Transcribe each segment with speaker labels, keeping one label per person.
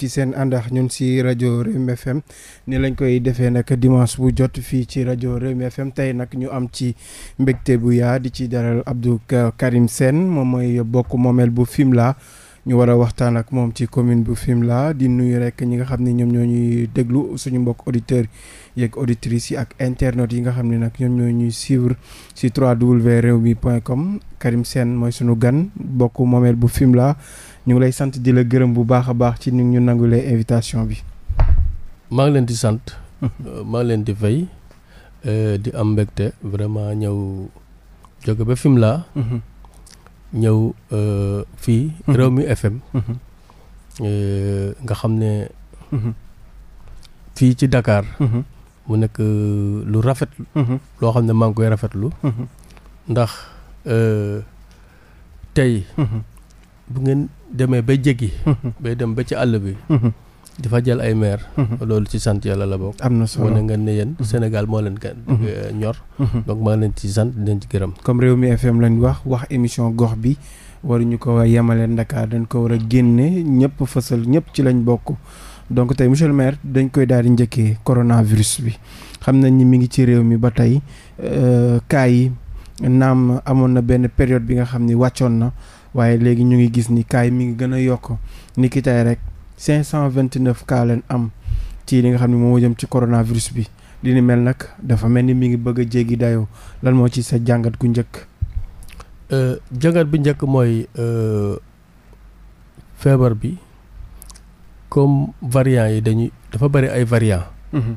Speaker 1: ci seen àndax ñun si rajo Rewmi FM ni lañ koy defee nag dimanche bu jot fii ci rajo Rewmi FM tey nag ñu am ci mbégte bu yaa di ci daral Abdou Karim Sène moom mooy bokk moomeel bu Fimela ñu war a waxtaan ak moom ci commune bu Fimela di nuyu rek ñi nga xam ni ñoom ñoo ñuy déglu suñu mbokk auditeurs yëg auditrices yi ak internautes yi nga xam ni nag ñoom ñoo ñuy suivre si www.rewmi.com Karim Sène mooy suñu gan bokk moomeel bu Fimela ñu ngi lay sant di la gërëm bu baax a baax ci ni ñu nangulee invitation bi.
Speaker 2: maa ngi leen di sant. Euh, maa leen di fay euh, di am mbégte vraiment ñëw jóge ba Fimela. Mm-hmm. ñëw euh, fii. Mm-hmm. Rewmi FM. Mm-hmm. nga xam ne. fii ci dakaar mu nekk lu rafet. loo xam ne maa ngi koy rafetlu. ndax tey. bu ngeen. demee ba jéggi. Mhm. bay dem ba ci àll bi. Mhm. di fa jël ay maire mhm. loolu ci sant yàlla la bokk. am na solo wane nga ne yéen Sénégal moo leen ka eh, ñor. donc maa leen ci sant di leen gërëm. comme réew mi FM lañ wax wax émission
Speaker 1: gox bi waruñu ko yemale Ndakaar dañ ko war a génne ñëpp fësal ñëpp ci lañ bokk. donc tey monsieur le dañ koy daal di njëkkee coronavirus bi xam nañ ni mi ngi ci réew mi ba tey euh, cas yi naam amoon na benn période bi nga xam ni wàccoon na. waaye léegi ñu ngi gis ni cas yi mi ngi gën a yokk ni ki tey rek 529 cas leen am ci li nga xam ne moom moo jëm ci coronavirus bi li ni mel nag
Speaker 2: dafa mel ni mi ngi bëgg a jéggi dayoo lan moo ci sa jàngat gu njëkk. Euh, jàngat bu njëkk mooy euh, feebar bi comme variant yi dañuy dafa bari ay variant mhm.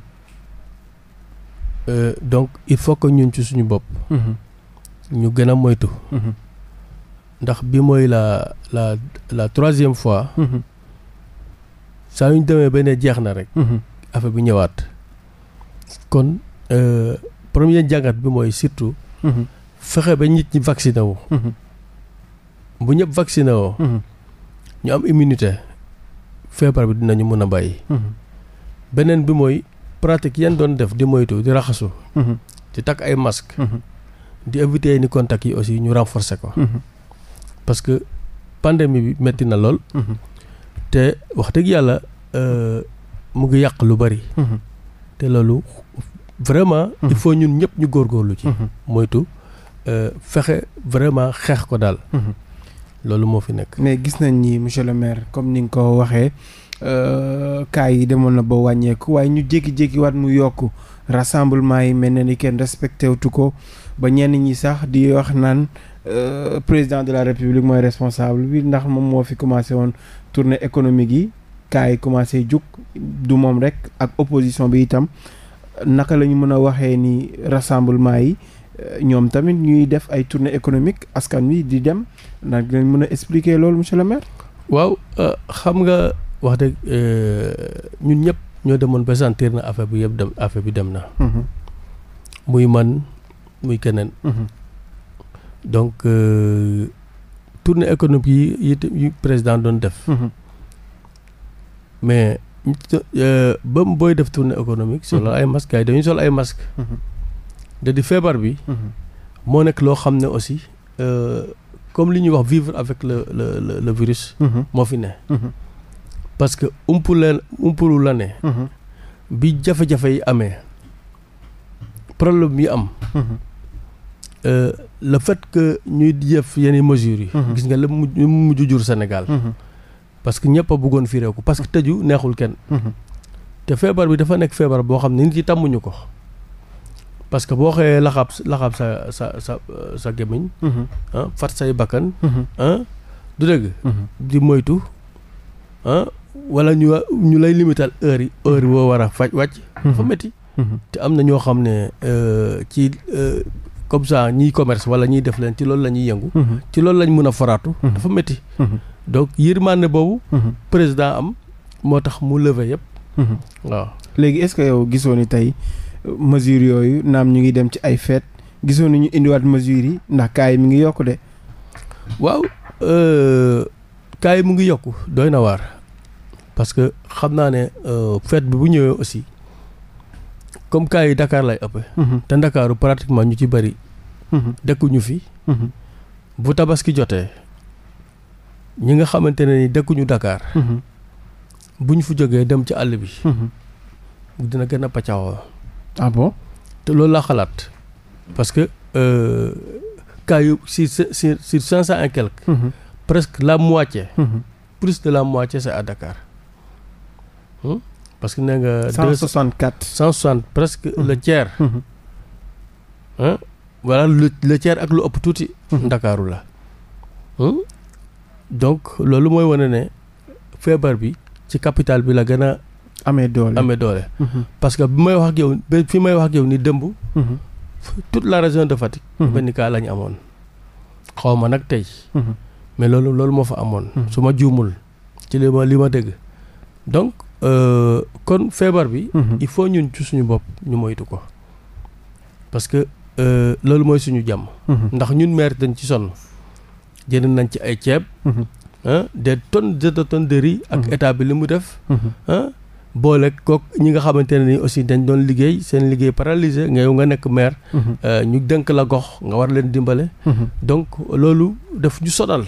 Speaker 2: euh, donc il faut que ñun ci suñu bopp. Mhm. ñu gën a moytu. Mhm. ndax bi mooy la la la troisième fois. Mm-hmm. saa yu ñu demee ba ne jeex na rek. Mm-hmm. affaire bi ñëwaat. kon euh, premier jàngat bi mooy surtout. Mm-hmm. fexe ba ñit ñi vacciné wu. bu ñëpp vacciné ñu am immunité. feebar bi dinañu mën a bàyyi. beneen bi mooy pratique yan doon def di moytu di raxasu. di takk ay masque di éviter ni contact yi aussi ñu renforcer ko. parce que pandémie bi metti na lool. Mhm. te wax dëgg yàlla euh, mu ngi yàq lu bari. Mhm. te loolu vraiment. Mhm. il ñun ñëpp ñu góor góorgóorlu ci. moytu euh, fexe vraiment xeex ko daal. loolu moo fi nekk. mais gis
Speaker 1: nañ ni monsieur le maire comme ni nga ko waxee euh, cas yi demoon na ba wàññeeku waaye ñu jékki-jékki waat mu yokk rassemblement yi mel na ni kenn respecté wutu ko ba ñenn ñi sax di wax naan. Euh, président de la république mooy responsable bi ndax moom moo fi commencé woon tournée économique yi kaay yi commencé jug du moom rek ak opposition bi itam naka la ñu mën a waxee ni rassemblement yi euh, ñoom tamit ñuy def ay tournée économique askan wi di
Speaker 2: dem nag lañ mën a expliquer loolu monsieur le waaw euh, xam nga wax dëgg ñun ñëpp ñoo demoon ba sentir na affaire bi yëpp dem affaire bi dem na. Mm-hmm. muy man muy keneen. Mm-hmm. donc euh, tournée économique yi président doon def. Mhm. mais euh, ba booy def tournée économique. solo mhm. ay masques gars yi dañuy sol ay masques. Mhm. da di feebar bi. moo nekk loo xam ne aussi euh, comme li ñuy wax vivre avec le le le, le virus. moo fi ne. parce que umpule umpulu la ne. bi jafe-jafe yi amee problème yi am. Euh, le fait que ñuy jëf yenn mesures yi. Mhm. gis nga la mu mujj jur Sénégal. Mhm. parce que ñëpp a bëggoon fi réew ko parce mhm. tëju neexul kenn. te feebar bi dafa nekk feebar boo xam ne nit yi tàmmuñu ko. parce que boo xëyee laxaab laxaab sa sa sa euh, sa gémmiñ. Ah, fat say bakkan. Ah, du dëgg. di moytu. Ah, wala ñu ñu lay limital heure yi heure yi boo war a faj wàcc. dafa métti. te am na ñoo xam ne euh, ci. comme ça ñiy commerce wala ñiy def leen ci loolu la ñuy yëngu. Mhm. ci loolu lañ mën a faraatu. Mhm. dafa métti. Mhm. donc yërmande boobu. président am moo tax mu lever yëpp. waaw
Speaker 1: léegi est-ce que yow gisoo ni tey euh, mesures yooyu naam ñu ngi dem ci ay fête gisoo ni ñu indiwaat mesures yi ndax kaa yi mi ngi yokku de.
Speaker 2: waaw kaa euh, mu ngi yokk dooy nawaar waar parce que xam naa ne euh, fête bi bu ñëwee aussi. comme cas yi Dakar lay ëpp. Mhm. te Ndakaaru pratiquement ñu ci bëri. Mhm. dëkkuñu fi. Mhm. bu tabaski jotee ñi nga xamante ne ni dekkuñu Dakar. bu ñu fu jógee dem ci àll bi. dina gën a ah te loolu laa xalaat parce que euh, cas yu si si si cinq cent et quelques. presque la moitié. plus de la moitié c'est à Dakar. Hmm? parce que nee nga. 164 160 presque mhm. le tiers. ah le le tiers ak lu ëpp tuuti. Mhm. ndakaaru la. donc loolu mooy wane ne feebar bi ci capital bi la gën a. amee doole amee doole. parce que bi may wax ak yow may wax ak yow ni dëmb. toute la région de Fatick. benn cas la amoon. xaw ma nag tey. mais loolu loolu moo fa amoon. su ma juumul ci li ma li ma dégg Euh, kon feebar bi. Mhm. il faut ñun ci suñu bopp ñu moytu ko parce que euh, loolu mooy suñu jàmm. Mhm. ndax ñun maire dañ ci sonn jënd nañ ci ay ceeb. Mhm. des tonnes de tonnes de ak état bi li mu def. boole kook ñi nga xamante ne ni aussi dañ doon liggéey seen liggéey paralysé nga yow nga nekk maire. Euh, ñu dënk la gox nga war leen dimbale. donc loolu daf ñu sonal.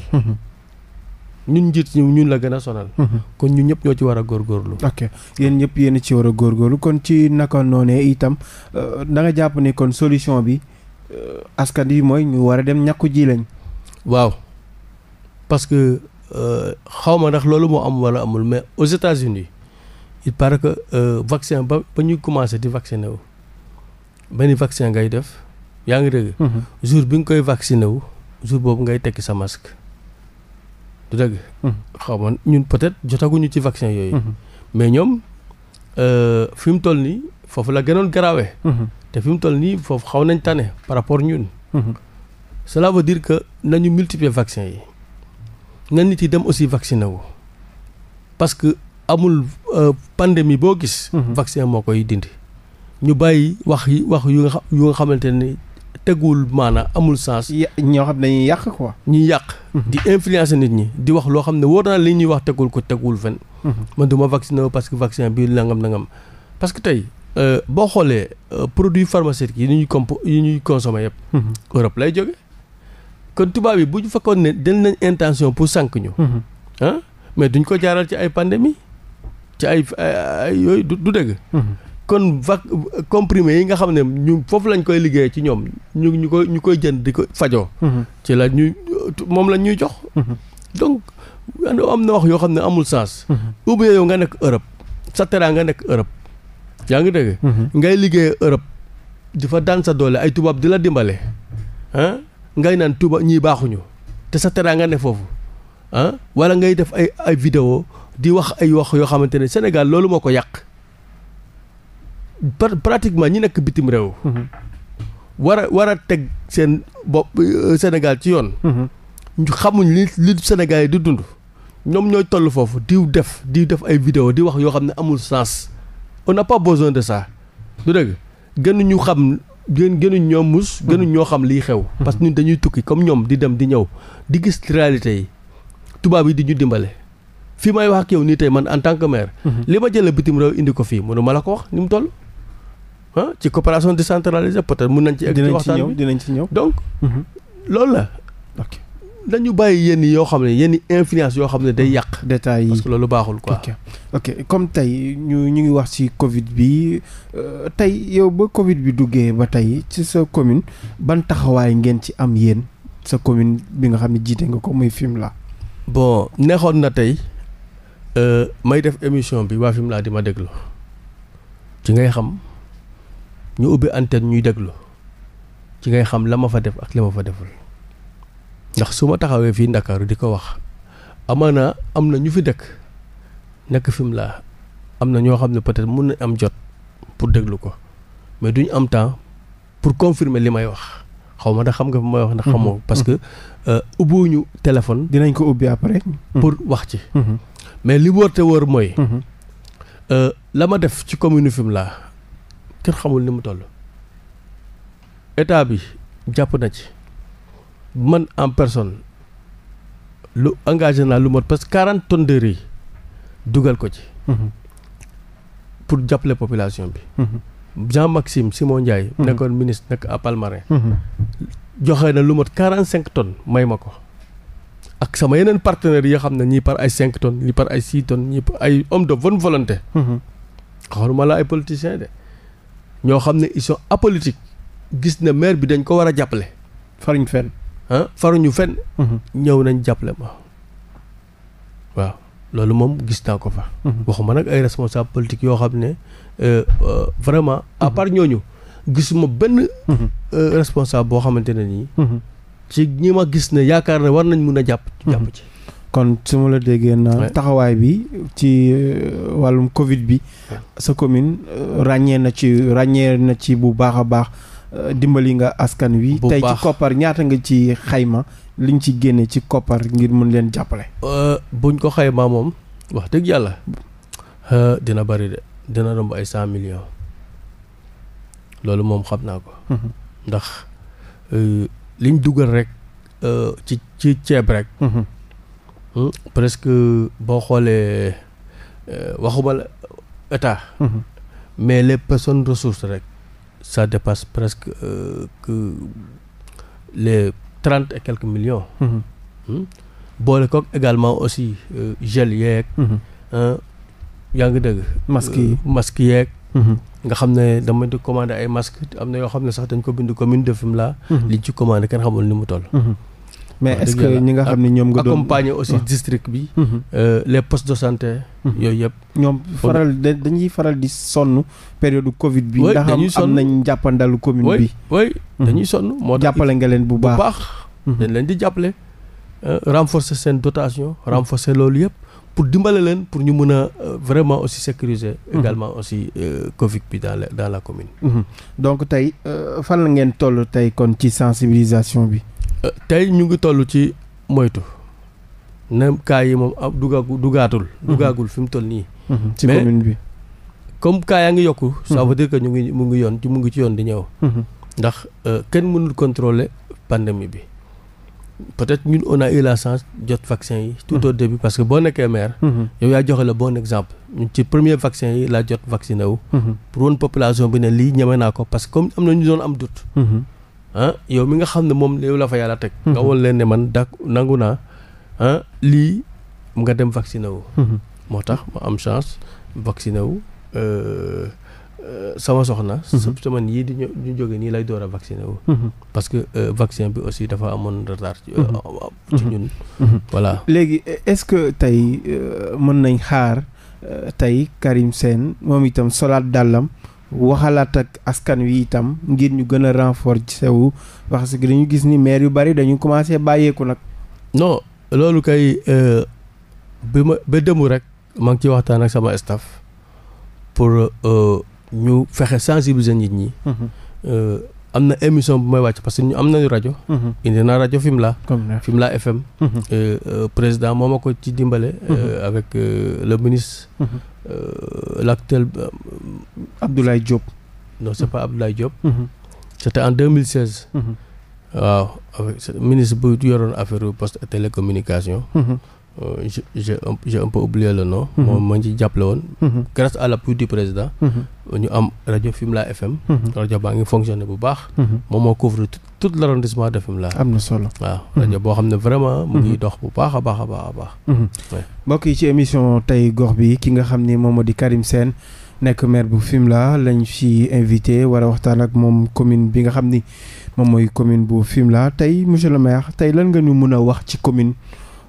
Speaker 2: ñun njiit ñi ñun la gën a sonal. Mhm. kon ñu ñëpp ñoo ci war a góorgóorlu.
Speaker 1: ok yéen ñëpp yéen ci war a góorgóorlu kon ci naka noonee itam euh, da
Speaker 2: jàpp ni kon solution bi euh, askan yi mooy ñu war a dem ñàkku ji lañ. waaw parce que euh, xaw ma ndax loolu moo am wala amul mais aux États-Unis il paraît que vaccin ba ba ñuy commencé di vacciné wu benn vaccin ngay def yaa ngi dégg. Mhm. jour bi nga koy vacciné wu jour boobu ngay tekki sa masque. du dëgg mm-hmm. xaw ma ñun peut-être jotaguñu ci vaccin yooyu mm-hmm. mais ñoom euh, fi mu toll nii foofu la gënoon garawee mm-hmm. te fi mu toll nii foofu xaw nañ tane par rapport ñun cela veut dire que nañu multiplier vaccin yi na nit yi dem aussi vacciné wu parce que amul euh, pandémie boo gis vaccin moo koy dindi ñu bàyyi wax yi wax yu nga xamante ni teguwul maana amul sens. ñoo xam ne dañuy yàq quoi. ñuy yàq. di influencer nit ñi di wax loo xam ne woo naa li ñuy wax teguwul ko teguwul fen mhm. man du ma vacciné parce que vaccin bi na nangam parce que tey. Euh, boo xoolee euh, produit pharmaceutique yi ñuy comp yi ñuy consommé yëpp. Mhm. Europe lay jóge kon tubaab yi bu ñu fekkoon ne del nañ intention pour sànq ñu. ah mais duñ ko jaaral ci ay pandémie ci ay ay yooyu du dëgg. kon vac comprimer yi nga xam ne ñu foofu lañu koy liggéey ci ñoom ñu ñu koy ñu koy jënd di ko fajoo. Mm-hmm. ci la ñuy moom la ñuy jox. Mm-hmm. donc am na wax yoo xam ne amul sens. Mm-hmm. ou bien yow nga nekk Europe sa teraa nga nekk Europe. yaa ngi dégg. ngay liggéey Europe di fa daan sa doole ay tubaab di la dimbale. ah ngay naan tubaab ñii baaxuñu te sa teraa nga ne foofu ah wala ngay def ay ay vidéo di wax ay wax yoo xamante ne Sénégal loolu moo ko yàq. pratiquement ñi nekk bitim réew. Mhm. war a war a teg seen bopp euh, Sénégal ci yoon. Mhm. ñu li li Sénégal yi di dund. ñoom ñooy toll foofu diw def diw def ay vidéo di wax yoo xam ne amul sens. on n'a pas besoin de ça. du dëgg gënuñu xam gën gënuñ ñoo mus. Mhm. gënuñ ñoo xam liy xew. parce que ñun dañuy tukki comme ñoom di dem di ñëw di gis réalité yi tubaab yi di ñu dimbale. fii may wax ak yow nii tey man en tant que li ma jëlee bitim réew indi ko fii mënu la ko wax ni mu ah ci coopération décentralisée peut-être mun nañ ci. egg ci waxtaan bi dinañ ci ñëw donc. Mhm. loolu
Speaker 3: la. ok
Speaker 2: dañu bàyyi yenn yoo xam ne yenn influence yoo xam ne day yàq. Mhm. détails yi parce que loolu baaxul quoi. ok ok
Speaker 1: comme tey ñu ñu ngi wax ci Covid bi euh, tey yow ba Covid bi duggee ba tey ci sa commune ban taxawaay ngeen ci am yéen sa commune bi nga xam ne jiite
Speaker 2: nga ko muy Fimela. bon neexoon na tey euh, may def émission bi waa laa di ma déglu ci ngay xam. ñu ubbi antenne ñuy déglu ci ngay xam la ma fa def ak la ma fa deful ndax su ma taxawee fii Ndakaaru di ko wax amaana am na ñu fi dëkk nekk fi laa am na ñoo xam ne peut-être mun nañ am jot pour déglu ko mais duñ am temps pour confirmer li may wax xaw ma ndax xam nga fi may wax ndax xamoo mhm. parce que euh, ubbiwuñu téléphone. dinañ ko ubbi après. Mhm. pour wax ci. Mhm. mais li wóor te mooy. Euh, la ma def ci commune Fimela kër xamul ni mu toll état bi jàpp na ci man en personne lu engagé naa lu mot parce que quarante tonnes de dugal ko ci. Mhm. pour jàppale population bi. Mhm. Jean Maxime Simon Ndiaye. Mhm. nekkoon ministre nekk à Palmarin. joxe na lu mot quarante cinq tonnes may ma ko. ak sama yeneen partenaires yoo xam ne ñii par ay cinq tonnes ñii par ay six tonnes ñii par ay homme de bonne volonté. la ay politiciens de. ñoo xam ne ils sont gis ne maire bi dañ ko war a jàppale. faruñ fen ah faruñu fenn. Mhm. ñëw nañ jàppale ma waaw loolu moom gis naa ko fa. Mhm. waxuma nag ay responsable politique yoo xam ne euh, euh, vraiment à mhm. part ñooñu gisuma benn. Euh, responsable boo xamante ne nii. ci ñi ma gis ne yaakaar ne war nañ mun a jàpp. jàpp ci. kon su ma la déggee na taxawaay bi ci euh,
Speaker 1: wàllum Covid bi sa commune euh, ràññee na ci ràññee na ci bu baax a baax euh, dimbali nga askan wi. tey ci koppar ñaata nga ci xayma liñ ci génne ci koppar ngir mën leen jàppale.
Speaker 2: buñ ko xayma moom wax dëgg yàlla dina bari de dina romb ay cent millions loolu moom xam naa ko. Mhm. ndax liñ dugal rek ci ci ceeb rek. Mhm. presque boo xoolee euh, waxuma la état. Mhm. mais les personnes ressources rek ça dépasse presque euh, que les trente et quelques millions. Mhm. Hmm? boole kook également aussi euh, gel mhm. yaa ngi dëgg. masques euh, yi masques yeeg. nga xam ne dama di commandé ay masques am na yoo xam ne sax dañ ko bind commune de Fimela. liñ ci commandé kenn xamul ni mu toll. mais est-ce que ñi nga xam ne ñoom nga doon accompagner aussi district bi. Mhm. Euh, les postes de santé. Mhm. yooyu yëpp. ñoom faral
Speaker 1: dañuy faral di sonn période Covid bi. ndax am nañ jàppandalu
Speaker 2: commune bi. oui mhm. dañuy sonn moo tax jàppale nga leen bu baax dañ leen di jàppale. Euh, renforcer seen dotation renforcer loolu yëpp. pour dimbale leen pour ñu mën a euh, vraiment aussi sécuriser. également aussi Covid bi dans la dans la commune. donc tey
Speaker 1: fan la ngeen toll tey kon ci sensibilisation bi.
Speaker 2: tey ñu ngi toll ci moytu na cas yi moom ab dugaagu dugaatul. Mhm. dugaagul fi mu toll nii. Mhm. ci commune bi comme cas yaa ngi yokku. ça mhm. veut dire ñu ngi mu ngi yoon ci mu ngi ci yoon di ñëw. ndax euh, kenn mënul contrôler pandémie bi peut-être ñun on a eu la chance jot vaccin yi. tout au début parce que boo nekkee maire. yow yaa joxe le bon exemple ñun ci premier vaccin yi laa jot vacciné wu. pour woon population bi ne lii ñeme naa ko parce que comme am na ñu doon am doute. ah yow mi nga xam ne moom yow la fa yàlla teg. Mhm. nga woon leen ne man dak nangu naa ah lii nga dem vacciné wu. Mhm. moo tax ma am chance vacciné wu euh, euh, sama soxna. Mhm. sëb semaine yii di ñu ñu jóge nii lay door a vacciné wu. parce que euh, vaccin bi aussi dafa amoon retard. ci
Speaker 1: ñun. voilà léegi est-ce que tey mën nañ xaar tey Karim Sène moom itam solaat dàllam. waxalaat ak askan wi itam ngir ñu gën a renforcer wu parce que dañu gis ni maire yu bari dañu commencé bàyyeeku nag.
Speaker 2: non loolu kay euh, bi ma ba démb rek maa ngi ciy waxtaan ak sama staff pour euh, ñu fexe sensibiliser nit ñi. Mhm. Euh, am na émission bu may wàcc parce que ñu am nañu rajo. Mhm. indi naa rajo Fimela. Fimela FM. Mhm. Euh, euh, président moo ma ci dimbale. Euh, mhm. avec le ministre. l' actuel. Abdoulaye Diop. non c' est pas Abdoulaye Diop. c' était en 2016. waaw avec ministre bu yoroon affaire poste télécommunication. Euh, je j'ai un j'ai un peu oublié le mm-hmm. moom moo ci jàppale woon. Mm-hmm. grâce à l'appui du président. Mm-hmm. ñu am rajo Fimela FM. rajo baa ngi fonctionné bu baax. moom moo couvre tout tout l'arrondissement de Fimela. am na solo waaw rajo boo xam ne vraiment. mu ngi dox bu baax a baax a baax a baax.
Speaker 1: mbokk yi ci émission tey gox bi ki nga xam ni moom moo di Karim Sène nekk maire bu Fimela lañ si invité war a waxtaan ak moom commune bi nga xam ni moom mooy commune bu Fimela tey monsieur le maire tey lan nga mën a wax ci commune.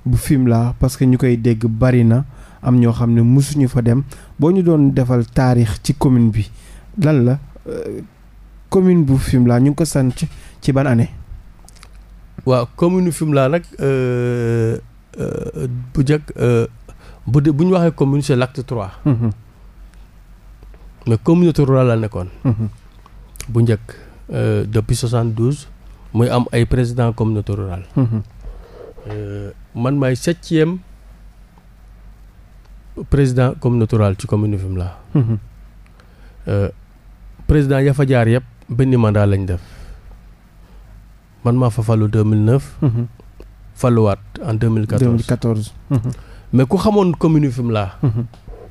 Speaker 1: bu Fimela parce que ñu koy dégg bari na am ñoo xam ne mosuñu fa dem boo ñu doon defal taarix ci commune bi lan la euh, commune bu Fimela ñu ngi ko sant ci ban
Speaker 2: waaw commune Fimela nag euh, euh, bu njëkk bu dee bu ñu waxee commune c'est l'acte trois. Mm-hmm. mais communauté rurale la nekkoon. Mm-hmm. bu njëkk depuis soixante douze muy am ay président communauté rurale. Mm-hmm. man maay septième président communauté rurale ci commune Fimela mhm. euh, président ya fa yëpp benn mandat lañ def man maa fa falu 2009. Mhm. faluwaat en 2014 2014. Mhm. mais ku xamoon commune Fimela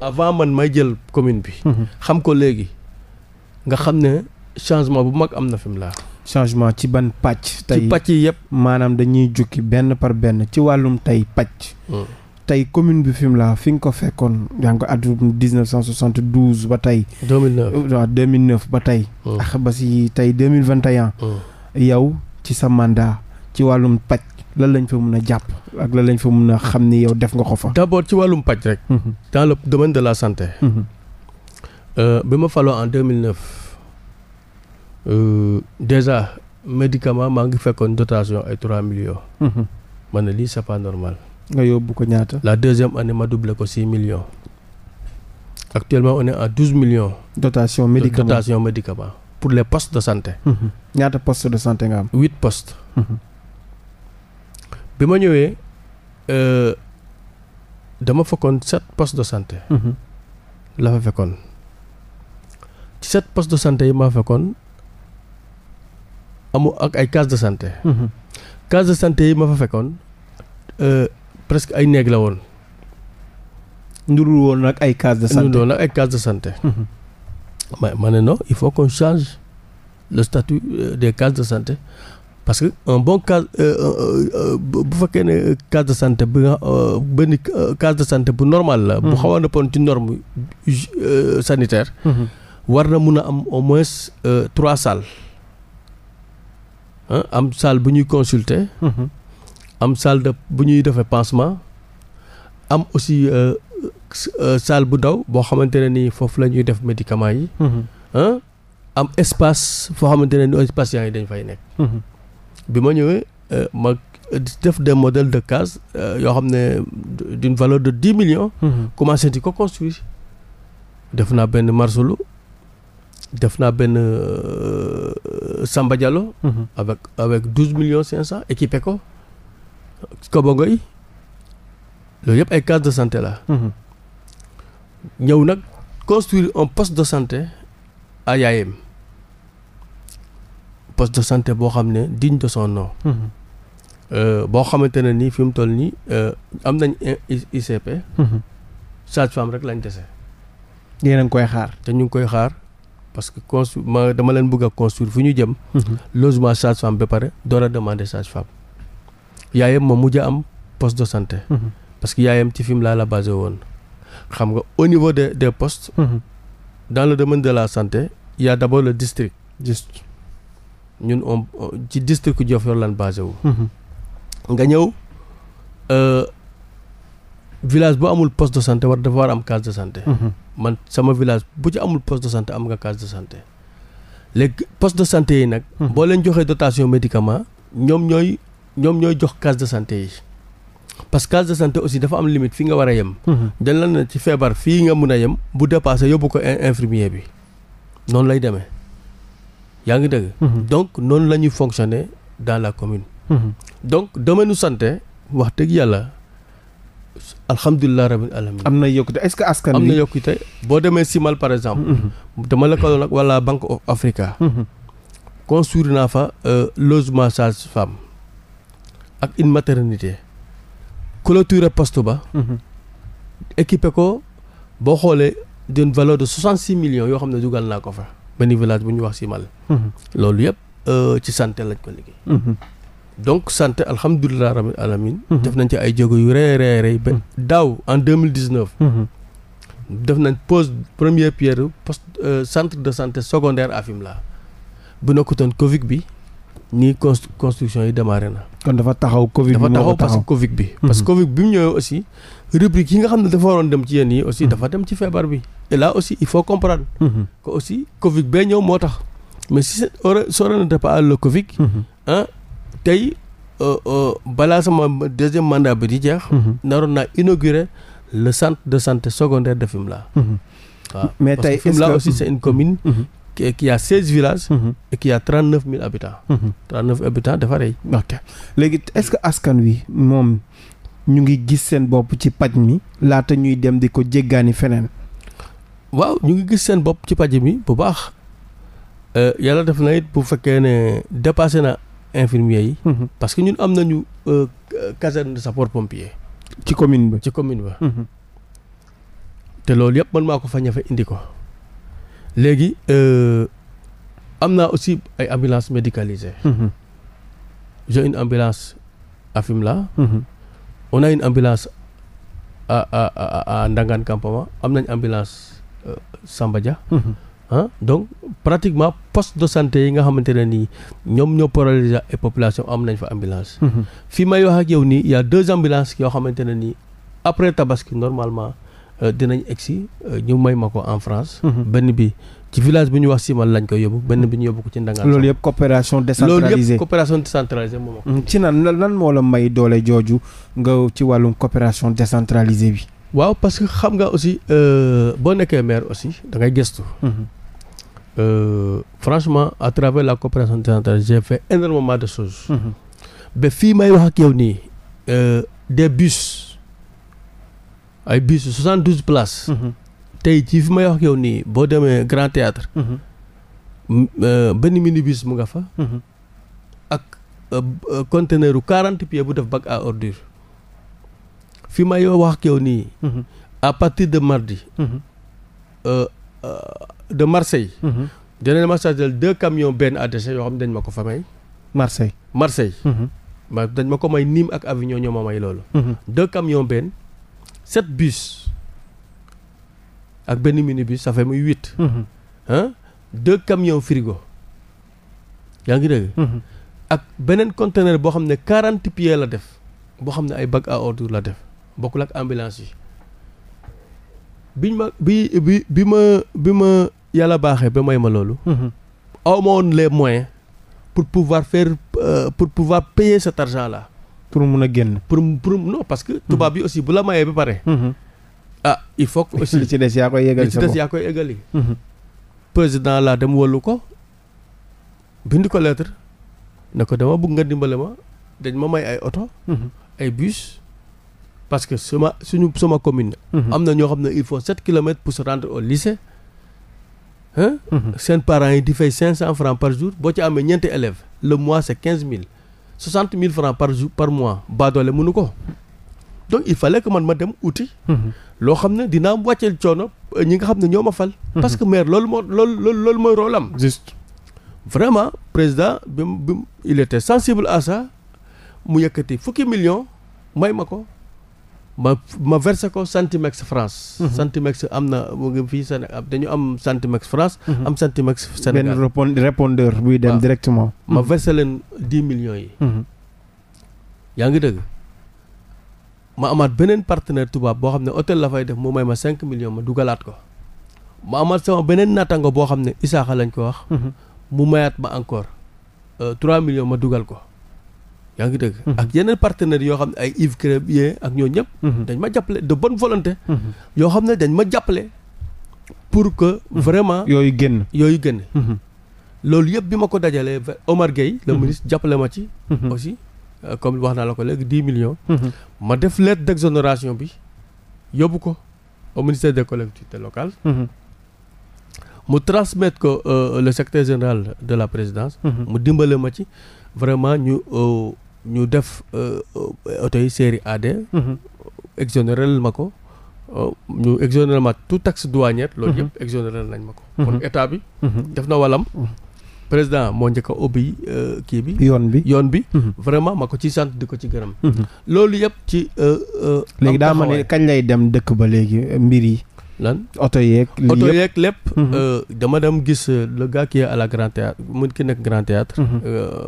Speaker 2: avant man may jël commune bi. xam ko léegi nga xam ne changement bu mag am na Fimela
Speaker 1: changement ci ban pacc tey ci pàcc yi yëpp. maanaam dañuy jukki benn par benn ci wàllum tey pàcc. Hmm. tey commune bi Fimela fi nga ko fekkoon yaa ngi ko atum 1972 ba tey. 2009 euh, waaw 2009 ba tey. Hmm. ak ah, ba si tey 2021. Hmm. yow ci sa mandat ci wàllum pàcc lan lañ fa mun a jàpp ak lan lañ fa mun a xam ni yow def nga ko fa.
Speaker 2: d'abord ci wàllum pàcc rek. Mhm. dans de domaine de la santé. Mhm. Euh, bi ma faloo en Euh, déjà médicament maa ngi fekkoon dotation ay trois millions. Mhm. ma ne lii c'est pas normal. nga yóbbu ko ñaata. la deuxième année ma doublé ko six millions. actuellement on est à douze millions. dotation médicament dotation médicament pour les postes de santé. Mhm. ñaata postes de santé nga am. huit postes. Mhm. bi ma ñëwee euh, dama fekkoon sept postes de santé. la fa fekkoon ci sept postes de santé yi maa fekkoon. amu ak ay case de santé. Mhm. case de santé yi ma fa fekkoon euh, presque ay néeg la woon. ndurul woon nag ay case de santé ndurul woon ay case de santé. Mhm. ma il faut qu'on change le statut euh, des cases de parce que un bon case euh, bu fekkee ne case de santé bu normal la. bu xaw a nëppoon norme sanitaire. Mhm. war na mun a am au moins trois salles. am salle bu ñuy consulter. Mm-hmm. am salle bu ñuy defee pansement am aussi euh, euh, salle bu ndaw boo xamante ne nii foofu la ñuy def médicament yi. Mm-hmm. am espace foo xamante ne nii patients yi dañ fay nekk. Mm-hmm. bi ma ñëwee euh, ma def des modèles de case yoo xam ne d'une valeur de dix millions. commencé di ko construire def naa benn marsulu def naa benn euh, Samba Diallo. Mhm. avec avec douze millions cinq cent équipé ko. Kobangoy loolu yëpp ay case de santé la. Mhm. ñëw nag construire un poste de santé à Yaayem poste de santé boo xam ne digne de son nom. Mhm. Euh, boo xamante ne nii fi toll nii euh, am nañ ICP. sage femme rek lañ dese. yéen a ngi koy xaar. te ñu ngi koy xaar. parce que constru ma dama leen bëgg a construire fu ñu jëm. Mhm. logement sage femme ba pare door a demander sage femme. yaayam ma mujj am poste de santé. Mhm. parce que yaayam ci fi mu laa la basé woon. xam nga au niveau des des post mhm. dans le domaine de la santé y a d' le district. juste ñun on ci district Diofior lan basé wu. nga ñëw. Euh, village bu amul poste de santé war dafa war am case de santé. Mhm. man sama village bu ci amul poste de santé am nga case de santé. léegi poste de santé yi nag. Mhm. boo leen joxee dotation médicament ñoom ñooy ñoom ñooy jox case de santé yi. parce que case de santé aussi dafa am limite fi nga war a yem. Mhm. dañ la ne ci feebar fii nga mun a yem bu dépassé yóbbu ko infirmier bi noonu lay demee yaa ngi dëgg. donc noonu la ñuy fonctionner dans la commune. donc domaine santé wax dëgg yàlla alhamdulilah rabbil alamin am na yokkute est-ce que askan bi am na yokkute boo demee Simal par exemple. Mm-hmm. dama lëkkaloo nag wala Banque of Africa. Mm-hmm. construire naa fa euh, logement sage-femme ak une maternité. clôture poste ba. Mm-hmm. équipé ko boo xoolee d'une valeur de soixante six millions yoo xam ne dugal naa ko fa benn bu ñuy wax Simal. loolu yëpp euh, ci santé lañ ko liggéey. donc sant alhamdulilah rabbil alamin mhm. def nañ ci ay jéego yu rëy rëy rëy mhm. daaw en deux mille dix neuf mhm. def nañ pose première pierre poste euh, centre de santé secondaire à la bu nekkutoon Covid bi nii construction yi demaa na. kon dafa taxaw Covid bi dafa taxaw parce que Covid bi. parce que mu ñëwee aussi rubrique yi nga xam ne dafa waroon dem ci yéen yi aussi dafa dem ci feebar bi. et aussi il faut comprendre. que aussi Covid bee ñëw moo tax. mais si sa soo ren pas le Covid. tey euh, euh, balaa sama deuxième mandat bi di jeex. Mhm. naroon naa inauguré le centre de santé secondaire de Fimela. Mhm. waaw mais tey Fimela aussi c'est une commune. Mhm. qui a seize villages. et qui a trente neuf mille habitants. trente neuf habitants dafa
Speaker 1: ok léegi est-ce que askan wi moom ñu ngi gis seen bopp ci paj mi laata ñuy dem di ko jéggaani feneen.
Speaker 2: waaw ñu ngi gis seen bopp ci paj mi bu baax. Euh, yàlla def na it bu fekkee ne dépassé na infirmier yi. Mhm. parce que ñun am nañu euh, caserne de sapeur pompier. ci commune ba ci commune ba. Mhm. te loolu yëpp man maa ko fa indi ko. léegi euh, am naa aussi ay ambulance médicalisée. Mhm. j'ai une ambulance à Fimela. on a une ambulance à à à à Ndangan Kampama ambulance euh, Samba Dia. ah donc pratiquement poste de santé yi nga xamante ne nii ñoom ñoo paralysé et population am nañ fa ambulance. Mhm. fi may wax ak yow nii y' a deux ambulances yoo xamante ne nii après tabaski normalement euh, dinañ si euh, ñu may ma ko en France. Mhm. benn bi ci village bi ñu wax Simal lañ koy yóbbu benn bi ñu yóbbu ko ci Ndangaan. loolu yëpp coopération décentralisée loolu yëpp coopération décentralisée
Speaker 1: moom. ci mm, nan lan moo la may doole jooju nga ci wàllum coopération décentralisée bi.
Speaker 2: waaw parce que xam nga aussi euh, boo nekkee maire aussi da ngay gëstu. Mhm. Euh, franchement à travers la coopération décentrale j'ai fait énormément de choses. Mhm. ba fii may wax ak yow nii euh, des bus ay bus soixante mhm. tey jii fi may wax ak yow nii boo demee Grand Théâtre benn bus mu nga fa. ak conteneur u quarante pieds bu def bac à ordure. fi may wax ak nii. Mhm. à partir de mardi. Mhm. Euh, euh, de Marseille. Mhm. dinañ ma benn à déchets yoo xam ne dañ ma ko fa may. Marseille ma dañ ma ko may Nîmes ak Avignon ñoo ma may loolu. deux camions benn sept bus ak benn minibus ça fait muy huit. ah deux frigo yaa ngi dégg. ak beneen conteneur boo xam ne quarante pieds la def boo xam ne ay bac à ordures la def. bokkul ak ambulance yi biñ ma bi bi bi ma bi ma yàlla baaxee ba may ma loolu. Mhm. aw ma woon les moyens pour pouvoir faire euh, pour pouvoir payer cet argent là. pour mun a génn. pour pour non parce que. tubaab mhm. bi aussi bu la mayee ba pare. Mhm. ah il faut que aussi li ci des yaa koy yeggali président laa dem wàllu ko bind ko lettre ne ko dama bëgg nga dimbale ma dañ ma may ay oto. ay bus. parce que su ma suñu sama commune. Mhm. am na ñoo xam ne il faut sept kilomètres pour se rendre au lycée. Mhm. seen parents yi di fay cinq cent francs par jour boo ci amee ñeenti élèves le mois c' est quinze mille soixante mille francs par jour par mois baadoole mënu ko. donc il fa lekk man ma dem uti. Mhm. loo xam ne dinaa wàcceel coono euh, ñi nga xam ne ñoo ma fal. parce que maire loolu moo loolu loolu loolu mooy rôle am. juste vraiment président bi il était sensible à ça mu yëkkati fukki millions may ma ko. ma ma versé ko Centimex France. Mhm. Centimex am na mu ngi fii Sénégal dañu am Centimex France. Mhm. am Centimex Sénégal
Speaker 1: benn répondeur buy dem directement. ma mhm.
Speaker 2: versé leen dix millions yi. yaa ngi dëgg. ma amaat beneen partenaire tubaab boo xam ne hôtel la fay def mu may ma cinq millions ma dugalaat ko. ma amaat sama beneen nattango boo xam ne Isaaxa lañ ko wax. mu mayaat ma encore euh, trois millions ma dugal ko. yaa ngi dëgg mhm. ak yeneen partenaires yoo xam ne ay Yves Crébier ak ñoo ñëpp mhm. dañ ma jàppale de bonne volonté mhm. yoo xam ne dañ ma jàppale pour que vraiment yooyu génn yooyu génn loolu yëpp bi ma ko dajalee Omar Gueye le ministre jàppale ma ci aussi euh, comme wax naa la ko léegi dix millions ma def lettre d'exonération bi yóbbu ko au ministère des collectivités locales mu transmettre ko euh, le secrétaire général de la présidence mu dimbale ma ci vraiment ñu euh, ñu def euh, euh, oto yi série AD. Mm-hmm. exonérel ma ko euh, ñu exonérel ma tout taxe douanière. loolu mm-hmm. yëpp exonérel nañ ma ko. Mm-hmm. kon état bi. def na walam. président moo njëkk ubbi kii bi. yoon bi yoon bi. vraiment ma ko ci sant di ko ci gërëm. loolu yëpp ci. léegi daa ma ne kañ lay
Speaker 1: dem dëkk ba léegi mbir yi. lan oto yeeg. lii oto yeeg
Speaker 2: lépp. dama dem gis le gars qui la grand théâtre mu ki nekk grand théâtre.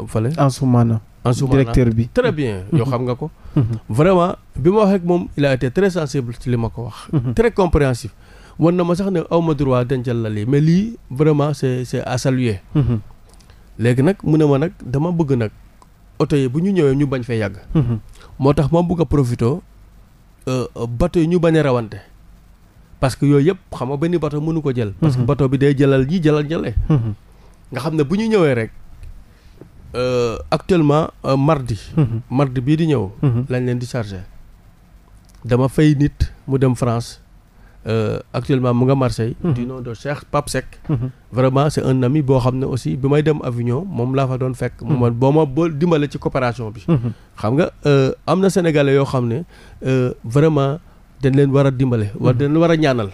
Speaker 2: fële Ansoumana. très bien yow xam nga ko vraiment bi ma wax ak moom il a été très sensible ci li ma ko wax mhm. très compréhensif wan na ma sax ne aw ma droit dencal la lii mais lii vraiment c'est c'est à saluer mhm. léegi nag mu ne ma nag dama bëgg nag oto yi bu ñu ñëwee ñu bañ fee yàgg mhm. moo tax ma bëgg a profito euh, bateau yi ñu bañ a rawante parce que yooyu yëpp xam nga benn bateau mënu ko jël parce que bi day jëlal ñi jëlal jëlee nga xam ne bu ñu ñëwee rek euh, actuellement euh, mardi. Mhm. mardi bii di ñëw. Mhm. lañ leen di chargé. dama fay nit mu dem France euh, actuellement mu nga Marseille. Mhm. du nom de Cheikh Pape Seck. vraiment c' est un ami boo xam ne aussi bi may dem Avignon moom laa fa doon fekk. mu boo ma boo dimbale ci coopération bi. xam nga euh, am na sénégalais yoo xam ne vraiment dañ leen war a dimbale. war dañ war a ñaanal.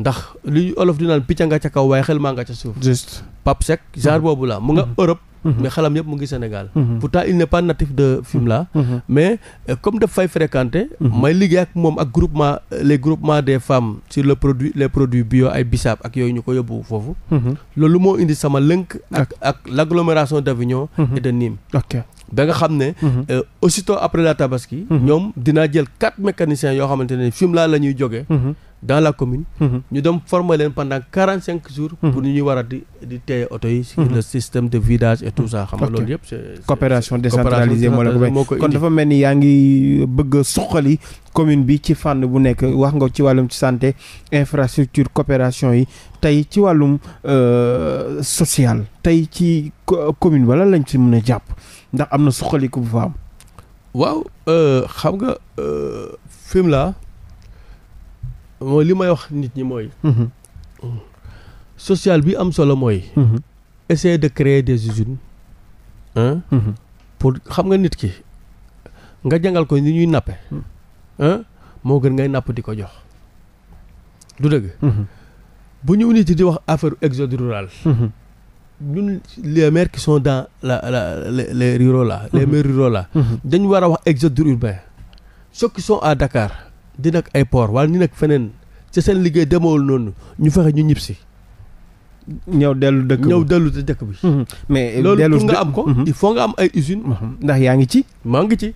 Speaker 2: ndax li olof di naan picca nga ca kaw waaye xel maa nga ca suuf. juste Pape Seck genre mhm. boobu la mu nga mhm. Europe. Mhm. mais xelam yëpp mu ngi Sénégal. pourtant il n'est pas natif de Fimela. mais euh, comme daf fay fréquenter. may liggéey ak moom ak groupement euh, les groupements des femmes sur le produit les produits bio ay bisaab ak yooyu ñu ko yóbbu foofu. loolu moo indi sama lënk. ak ak l'agglomération d'Avignon. et de Nîmes. ok ba nga xam ne. Euh, aussitôt après la tabaski. ñoom dinaa jël quatre dans la commune. Mhm. ñu dem former leen pendant quarante cinq jours. Mhm. pour ñu ñuy war a di di téye oto yi. sur mhm. le système de vidage et tout ça. xam nga loolu yëpp coopération décentralisée moo la ko kon dafa
Speaker 1: mel ni yaa ngi bëgg a suqali commune bi ci fànn bu nekk wax nga ci wàllum ci santé infrastructure coopération yi tey ci wàllum euh, social. tey ci commune ba lan lañ ci mën a jàpp ndax am na suqaliku bu fa am.
Speaker 2: waaw euh, xam nga euh, film la mooy li may wax nit ñi mooy. Mhm. social bi am solo mooy. Mhm. essayer de créer des usines. Mhm. pour xam nga nit ki nga jangal ko ni ñuy nappe. moo gën ngay napp di ko jox. du dëgg. bu ñu unité di wax affaire exode rural. ñun les maires qui sont dans la la les les ruraux là. les maires ruraux là. dañu war a wax exode urbain. ceux qui sont à Dakar. di nag ay port walla ñu nag feneen ci seen liggéey demawul noonu ñu fexe ñu ñib si. ñëw dellu dëkk ñëw dellu dëkk bi. Mhm. mais euh, loolu pour nga am ko. Mhm. il faut nga am ay usine mhm. ndax yaa ngi ci. maa ngi ci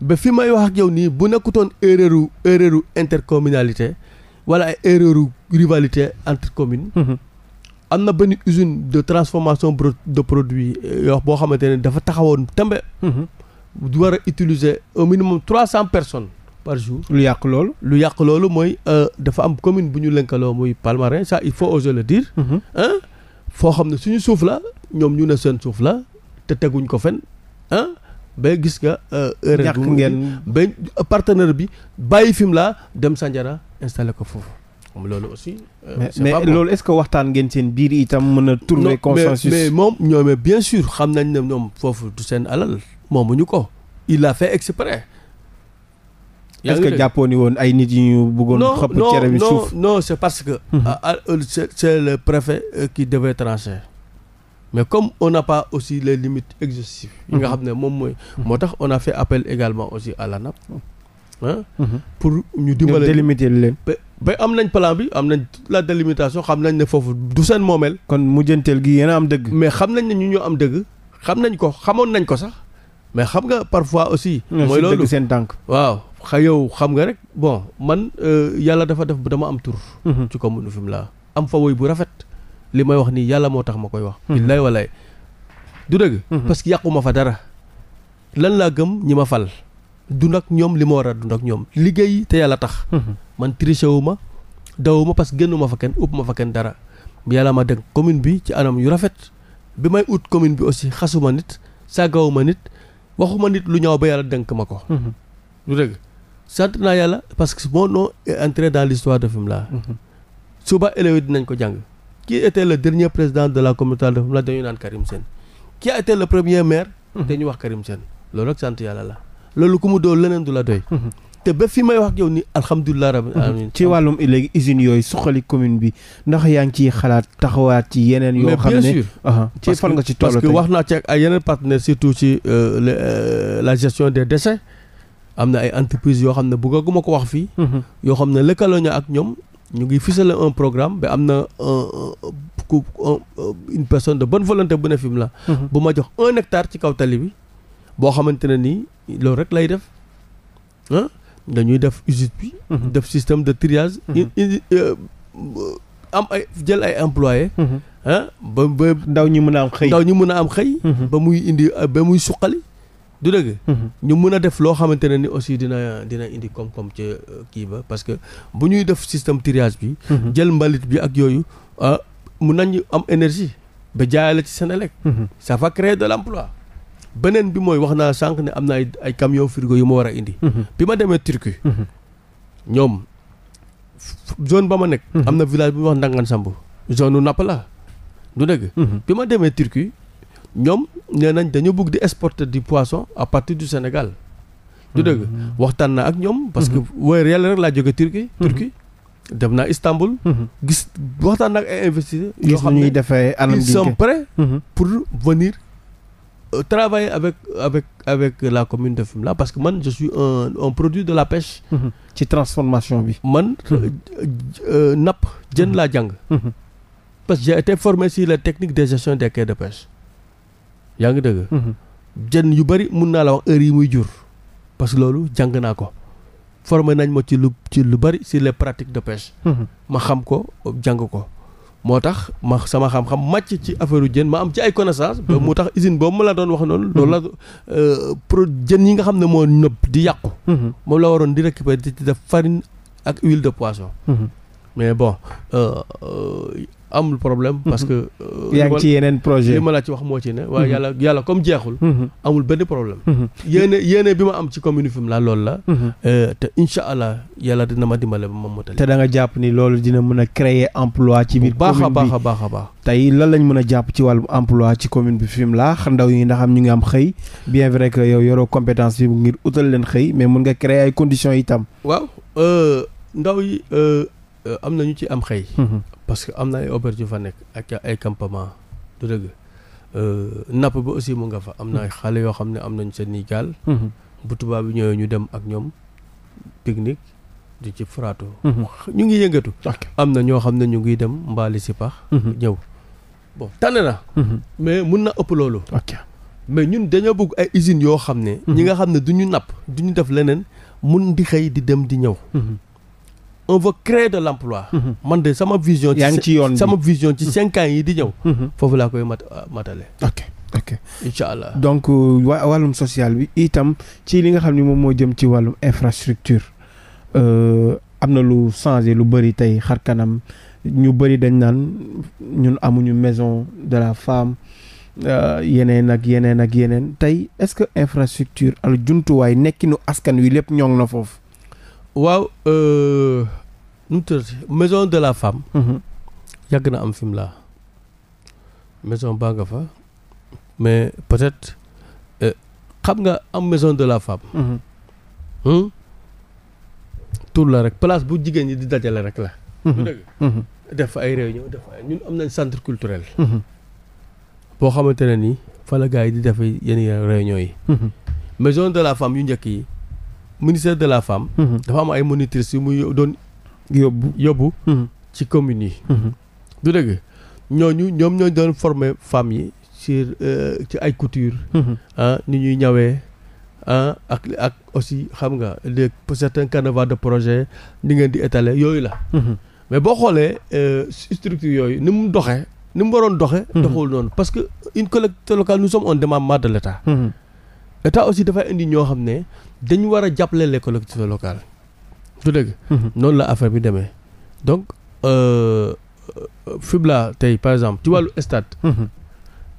Speaker 2: ba fi may wax ak yow nii bu nekkutoon erreur erreur intercommunalité wala ay erreur rivalité entre communes. am na benn usine de transformation de produit euh, yoo boo xamante ne dafa taxawoon tembe. du war a utiliser au minimum trois cent personnes. par jour. lu yàq loolu. lu yàq loolu mooy euh, dafa am commune bu ñu lenkaloo muy Palmarin ça il faut oser le dire. Mm-hmm. foo xam ne suñu suuf la ñoom ñu ne seen suuf la te teguñ ko fen ah ba gis nga. heure euh, bu ngeen ba partenaire bi bàyyi fim laa dem Sandiara installé ko foofu. loolu aussi.
Speaker 4: Euh, mais mais loolu
Speaker 2: est-ce que waxtaan ngeen seen biir itam mën a. trouver consensus mais moom ñoomee bien sûr xam nañ ne ñoom foofu du seen alal moomuñu ko il a fait exprès est-ce que
Speaker 1: ni woon ay nit yu ñu bëggoon xëpp cere bi suuf
Speaker 2: non non c'est parce que mhm. ah, ah, euh, c'est le préfet euh, qui devait trancher mais comme on n'a pas aussi les limites exhaustives yi nga mhm. xam ne moom mooy mhm. moo tax on a fait appel également aussi à l'ANAP
Speaker 1: pour ñu dimbale délimiter leen
Speaker 2: ba am nañ plan bi am nañ la délimitation xam nañ ne foofu du seen moomeel kon mujjanteel gi yéen am dëgg mais xam nañ ne ñu ñoo am dëgg xam nañ ko xamoon nañ ko sax mais xam nga parfois aussi. mooy loolu seen dànk waaw yow xam nga rek bon man euh, yàlla dafa def dama am tur. Mhm. ci commune laa am fa woy bu rafet li may wax nii yàlla moo tax ma koy wax. Mhm. billaay walaay du dëgg. Mhm. parce que yàquma fa dara. lan laa gëm ñi ma fal. dund ak ñoom li ma war a dund ak ñoom liggéey te yàlla tax. man triché wu ma ma parce que génnuma fa kenn upp ma fa kenn dara. yàlla ma dënk commune bi ci anam yu rafet bi may ut commune bi aussi xasuma nit saagawuma nit. waxuma nit lu ñaaw ba yàlla dënk ma ko. Mhm. lu dëgg sant naa yàlla parce que mon nom est entré dans l'histoire de Fimela. Mhm. suba élèves dinañ ko jàng. qui était le dernier président de la communauté de Fimela dañu naan Karim Sène. qui a été le premier maire. Mhm. dañu wax Karim Sène. loolu rek sant yàlla la. loolu ku mu doon leneen du la doy. te ba fi may wax ak yow ni alhamdulilah am mhm. alamin ci wàllum léegi usines yooyu suqali commune
Speaker 1: bi ndax yaa ngi ciy xalaat taxawaat ci yeneen yoo xam ne ci fan nga ci toll parce que wax
Speaker 2: naa ci ak ay yeneen partenaires surtout ci euh, euh, la gestion des déchets am na ay entreprises yoo xam ne bugg bëgguma ko wax fii mhm. yoo xam ne lëkkaloo ñu ak ñoom ñu ngi ficelé un programme bi am na ku personne de bonne volonté bu ne fi la mhm. bu ma jox un hectare ci kaw tali bi boo xamante ne nii loolu rek lay def dañuy def usine bi. Mhm. def système de triage. Mhm. Euh, am ay jël ay employés. Mhm. ba ba. ndaw ñi mën a am xëy ndaw mën a am xëy. ba muy indi ba muy suqali. du dëgg. ñu mën a def loo xamante ne ni aussi dina dina indi koom-koom ca euh, kii ba parce que bu ñuy def système triage bi. jël mbalit bi ak yooyu ah mun nañu am énergie. ba jaay la ci Senelec. ça va créer de l'emploi. beneen bi mooy wax naa sànq ne am na ay ay camion frigo yu ma war a indi. Mhm. bi ma demee Turquie. Mhm. ñoom zone ba ma nekk. Mhm. am na village bu ñuy wax Ndangan Samb. zone nu napp la du dëgg. bi ma demee Turquie ñoom nee nañ dañoo bëgg di exporter du poisson à partir du Sénégal. du dëgg waxtaan na ak ñoom. parce que wóor yàlla rek laa jóge Turquie. Turquie dem naa Istanbul. gis waxtaan na ak ay investisseurs. yoo xam ne ils sont prêts pour venir. Euh, travailler avec avec avec la commune de Fimela parce que man je suis un un produit de la pêche. Mhm. ci transformation bi. man mhm. euh, euh, napp jën mhm. laa jàng. parce que j'ai été formé sur les techniques de gestion des quais de pêche. yaa ngi dëgg. jën yu bëri mun naa la wax heure yi muy jur. parce que loolu jàng naa ko. formé nañ ma ci lu ci lu bëri sur les pratiques de pêche. ma xam ko jàng ko. moo tax ma sama xam-xam màcc ci affaire jën ma am ci ay connaissance ba mu tax usine boobu ma la doon wax noonu loolu la euh, pro jën yi nga xam ne moo nëb di yàqu mm-hmm. moom la waroon di récupérer di def farine ak huile de poisson mm-hmm. mais bon euh, euh, amul problème parce que. Mhm. Euh, yaa ngi ci yeneen projet li ma la ci wax moo ci ne. waaye mhm. yàlla yàlla comme jeexul. Mhm. amul benn problème. yéene yéene bi ma am ci commune Fimela la loolu la. Euh, te incha allah yàlla dina ma dimbale ba ma motali.
Speaker 1: te da jàpp ni loolu dina mën a créer emploi ci biir commune bi baax a baax a baax tey lan lañ a ndaw yi ndax ñu ngi am xëy bien vrai que yow yoroo compétence bi ngir utal leen xëy mais mun nga créer ay conditions itam.
Speaker 2: waaw euh, ndaw yi am na ñu ci am xëy. Mhm. parce que am na ay auberge fa nekk ak ay campement du dëgg euh, napp ba aussi mu nga fa am na ay mhm. xale yoo xam ne am nañ seen i gaal. Mhm. bu tubaab bi ñëwee ñu dem ak ñoom pique du ci frato ñu ngi yëngatu. am na ñoo xam ne ñu ngi dem mbaali si pax. ñëw bon tànn na. mais mun na ëpp loolu. mais ñun dañoo bëgg ay usines yoo xam ne. ñi nga xam ne du ñu napp du ñu def leneen mun di xëy di dem di ñëw. on veut créer de l'emploi mm-hmm. man de sama vision. yaa ngi ci yoon sama vision ci cinq ans yi di ñëw. Mm-hmm. foofu laa koy mat ah, matale. ok
Speaker 1: ok incha allah. donc euh, waa wàllum social bi itam ci li nga xam ne moom moo jëm ci wàllum infrastructure euh, am na lu changé lu bëri tey xar kanam ñu bëri dañ naan ñun amuñu maison de la femme. Euh, yeneen ak yeneen ak yeneen tey est-ce que infrastructure al jumtuwaay nekkinu askan wi lépp ñoŋ
Speaker 2: na foofu. waaw euh, nu mu maison de la femme. Mhm. yàgg na am fi mu laa maison baa nga fa mais peut-être euh, xam nga am maison de la femme. Mhm. Hmm? tur la rek place bu jigéen ñi di dajale rek la. Mhm. def fa ay réunion def fa ñun am nañ centre culturel. boo xamante ne nii fa la gars yi di defee yenn réunion yi. maison de la femme yu njëkk yi. ministère de la femme. Mhm. dafa am ay monitrices yu muy doon. yóbbu yóbbu. Mhm. ci communes yi. Mhm. du dëgg ñooñu ñoom ñoo doon former femmes yi ci euh, ci ay couture. ah ni ñuy ñawee ah ak ak aussi xam nga les certains canevas de projet ni ngeen di étale yooyu la. mais boo xoolee euh, structure yooyu ni mu doxee ni mu waroon doxee. doxul noonu parce que une locale nous sommes un démembrement de l' État. état aussi dafay indi ñoo xam ne dañu war a jàppale les collectivités locales du dëgg mhm. noonu la affaire bi demee donc euh, euh, FIBLA tey par exemple ci wàllu stade mhm.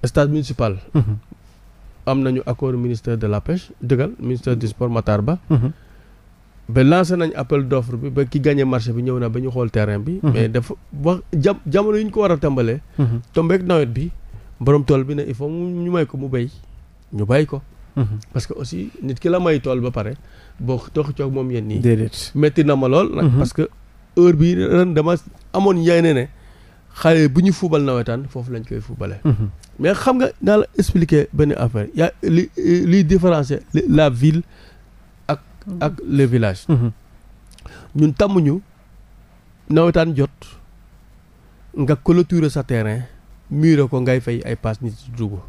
Speaker 2: stade municipal mhm. am nañu accord ministère de la pêche dëggal ministère du sport Matar Ba ba lancé nañ appel d'offre bi ba ki gagné marché bi ñëw na ba ñu xool terrain bi. mais dafa wax jam jamono yi ñu ko war a tàmbalee. tombeek nawet bi borom tool bi ne il faut ñu may ko mu bay ñu bàyyi ko. Mhm. parce que aussi nit ki la may tool ba pare boo doxi moom yenn nii métti na ma lool nag mhm. parce que heure bi ren dama amoon yaay ne ne xale bu ñu fubal nawetaan foofu lañ koy fubale mhm. mais xam nga naa la expliquer benn affaire yaa li liy différencier la ville ak le village ñun tàmmuñu nawetaan jot nga clôturer sa terrain muré ko ngay fay ay paas nit dugg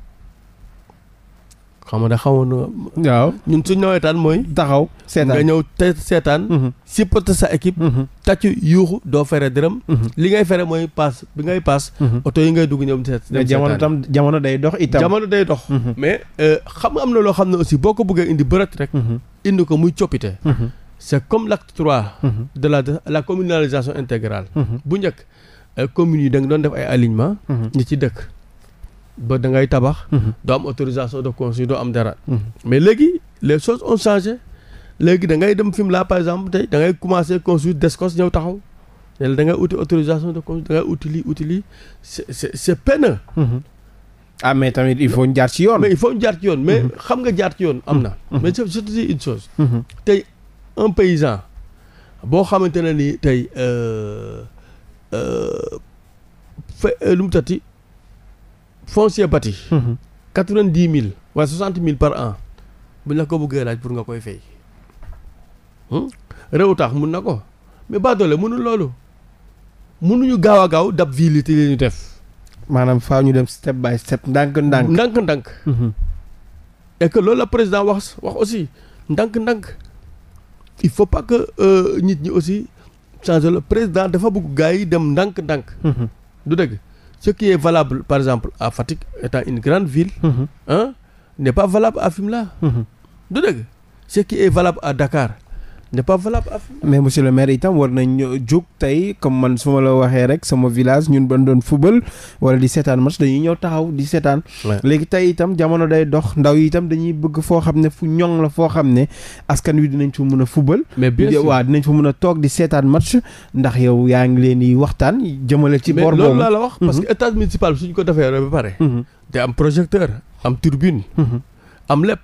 Speaker 2: xam nga da xamoon nga. waaw ñun suñ nawetaan mooy. taxaw seetaan nga te seetaan. Mhm. supporter sa équipe. Mhm. tàccu yuuxu doo fere dërëm. Mhm. li ngay fere mooy paas bi ngay paas. oto yi ngay dugg ñëw seet. dem jamono tam jamono day dox itam. jamono day dox. mais euh, xam nga am na loo xam ne aussi boo ko bëggee indi bërët rek. indi ko muy coppite. c'est comme l'acte trois. de la la communalisation intégrale. bu njëkk euh, communes yi da nga doon def ay alignement. ñi ci dëkk. ba da ngay tabax. Mhm. doo am autorisation de construire doo am dara. Mhm. mais léegi les choses ont changé léegi da ngay dem Fimela par exemple tey da ngay commencer construire Descos ñëw taxaw ne la da ngay uti autorisation de construire da ngay uti lii uti est c' est ah mais tamit il faut ñu jaar ci yoon. mais il faut jaar ci yoon mais mhm. xam nga jaar ci yoon am na. mais je te dis une chose. tey un paysan boo xamante ne nii tey. Euh, euh, fe euh, lu mu tati foncier bâti. Mhm. quatre vingt dix mille wala soixante mille par an bu ñu ko bëggee laaj pour nga koy fay. Hmm? réew tax mun na ko mais ba doole mënul loolu mënuñu gaaw a gaaw dab ville te li ñu def. maanaam faaw ñu dem step by step ndànk ndànk. ndànk ndànk. Mhm. que loolu la président wax wax aussi ndànk ndànk il faut pas que euh, nit ñi aussi changer le président dafa bëgg gars yi dem ndànk ndànk. Mhm. du dëgg. ce qui est valable par exemple à Fatick étant une grande ville ah n'est pas valable à Fimela mhm. du dëgg ce qui est valable à Dakar
Speaker 1: n'est pas valable mais monsieur le maire itam war nañ jóg tey comme man su ma la waxee rek sama village ñun ban doon football wala di seetaan match dañuy ñëw taxaw di seetaan léegi tey itam jamono day dox ndaw yi itam dañuy bëgg foo xam ne fu ñoŋ la foo xam ne askan wi dinañ fa mun a football mais bi sûr waaw dinañ fa mun a toog di seetaan match ndax yow yaa ngi leen di waxtaan jëmale ci bor boobu mais loolu laa la wax parce mhm.
Speaker 2: que état municipal suñ ko defee ba pare te mhm. am projecteur am mhm. am lépp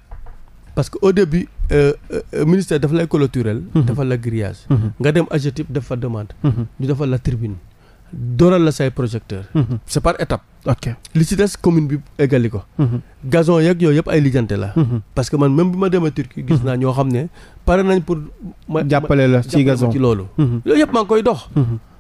Speaker 2: parce Euh, euh, ministère dafa lay clôturel mhm. dafa la grillage mhm. nga dem AGETIP def fa demande mhm. ñu defal la tribune dooral la say projecteur c'est par étape ok li commune bi eggali ko gazon yeeg yooyu yëpp ay lijjante la parce que man même bi ma a Turquie gis naa ñoo xam ne pare nañ pour ma jàppale la ci gazon ci loolu yooyu yëpp maa ngi koy dox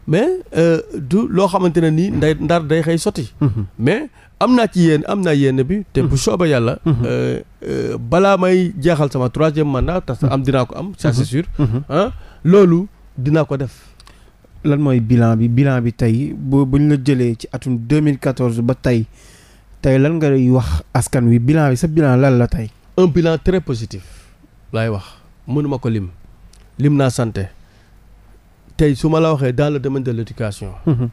Speaker 2: mais euh, du loo xamante ne nii nday ndar day xëy sotti. Mm-hmm. mais am naa ci yéen am naa yéen bi. te bu mm-hmm. soobee yàlla. Mm-hmm. Euh, euh, balaa may jeexal sama troisième mandat. parce que am dinaa ko am. ça c'est sûr. Ah, loolu dinaa ko def.
Speaker 1: lan mooy bilan bi bilan bi tey bu bu ñu la jëlee ci atum 2014 ba tey tey lan nga wax askan wi bilan bi sa bilan lan la tey.
Speaker 2: un bilan très positif laay wax mënuma ko lim lim naa sante tey su ma la waxee dans le domaine de l' éducation. Mhm.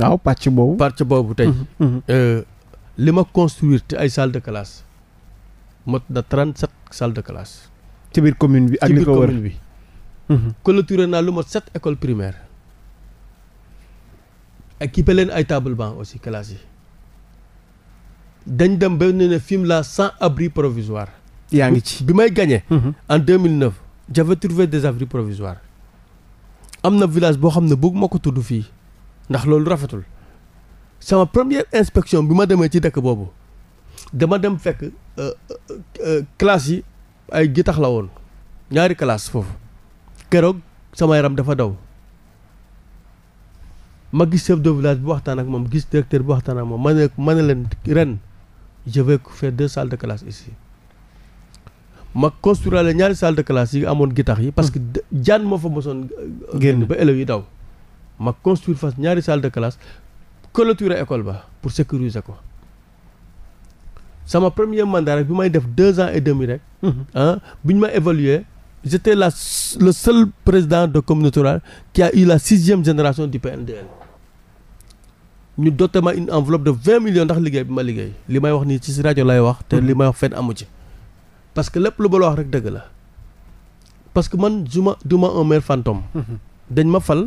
Speaker 2: waaw pàcc boobu. pàcc boobu tey. Mhm, mhm. Euh, li ma construire te ay salle de classe mot na trente sept salle de classe.
Speaker 1: ci biir commune bi ak li ko wër ci biir
Speaker 2: commune naa lu mot sept école primaire équipé leen ay table banc aussi classe yi dañ dem ba ne ne film la cent abri provisoire. yaa ngi ci bi may gagné. en 2009 j'avais trouvé des abris am na village boo xam ne bëgg ma ko tudd fii ndax loolu rafetul sama première inspection bi ma demee ci dëkk boobu dama dem fekk euh, euh, euh, classe yi ay gitax la woon ñaari classe foofu keroog sama yaram dafa daw ma gis chef de village bi waxtaan ak moom gis directeur bi waxtaan ak moom ma ne ma leen ren je vais faire de salle de classe ici ma construire la ñaari salle de classe yi amoon guitax yi parce que hmm. jaan moo fa mosoon euh, génn ba élèves yi daw ma construire fas ñaari salle de classe clôturer école ba pour sécuriser ko sama premier mandat rek bi may def deux ans et demi rek ah bi ñu ma évaluer j'étais la le seul président de communauté rurale qui a eu la sixième génération du PNDL ñu doté ma une enveloppe de vingt millions ndax liggéey bi ma liggéey li may wax nii ci rajo lay wax te hmm. li may wax fenn amu ci parce que lépp lu ba la wax rek dëgg la parce que man du ma du ma un maire fantôme. Mm-hmm. dañ ma fal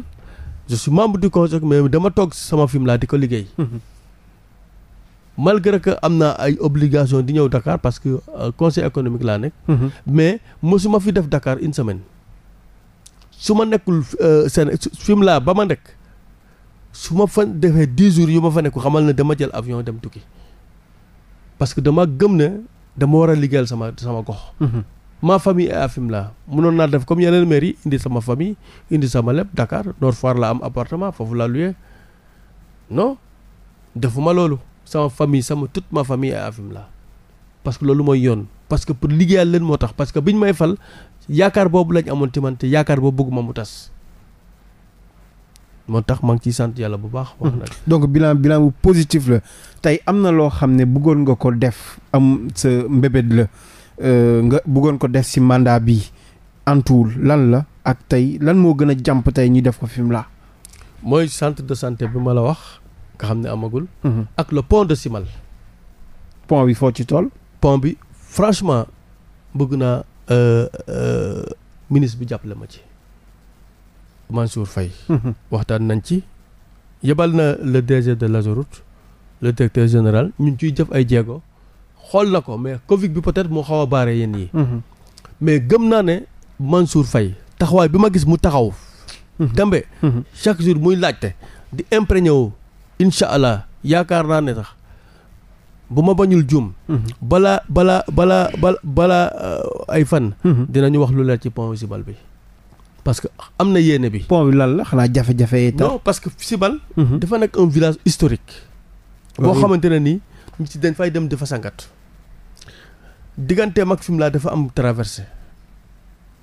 Speaker 2: je suis membre du conseil mais laa di ko liggéey. Mm-hmm. malgré que euh, mm-hmm. fi def Dakar une semaine. su ma nekkul euh, seen film laa ba ma nekk su ma fa defee dix jours yu ma fa nekk xamal na dama jël avion dem tukki parce que dama gëm ne dama war a liggéeyal sama sama gox. Mhm. maa famille est à Fimela mënoon naa def comme yeneen maire yi indi sama famille indi sama lépp Dakar Nord Foire la am appartement foofu laa loué non defuma loolu sama famille sama toute ma famille est à Fimela parce que loolu mooy yoon parce que pour liggéeyal leen moo tax parce que ñu may fal yaakaar boobu lañ amoon ci yaakaar boobu bëgguma mu tas. moo tax maa ngi ciy sant yàlla bu baax. wax nag
Speaker 1: donc bilan bilan bu positif la tey am na loo xam ne bëggoon nga ko def am sa mbébét la euh, nga bëggoon ko def si mandat bi antuwul lan la ak tey lan moo gën a jàmp tey ñu def ko fi mu la
Speaker 2: mooy centre de santé bi ma la wax nga xam ne amagul. Mhm. ak le pont de Simal. pont bi foo ci tool. pont bi franchement bëgg naa euh, euh, ministre bi jàppale ma ci. Mansour Faye mhm. waxtaan nañ ci yebal na le DG de l'Ageroute le directeur général ñun ciy jëf ay jéego xool na ko mais Covid bi peut-être moo xaw a baare yéen yi mhm. mais gëm naa ne Mansour Faye taxawaay bi ma gis mu taxaw Kambé mhm. chaque jour muy laajte di imprégné wu incha allah yaakaar naa ne sax bu ma bañul juum balaa balaa balaa bala balaa euh, ay fan dinañu wax lu leer ci pont Sibal bi parce que am na yéene bi. pont bi lan la xanaa jafe-jafe yi. non parce que Sibal. Mhm. dafa nekk un village historique. Ah boo xamante ne nii ñu ci dañ fay dem dafa sangat digganteem ak laa dafa am traversée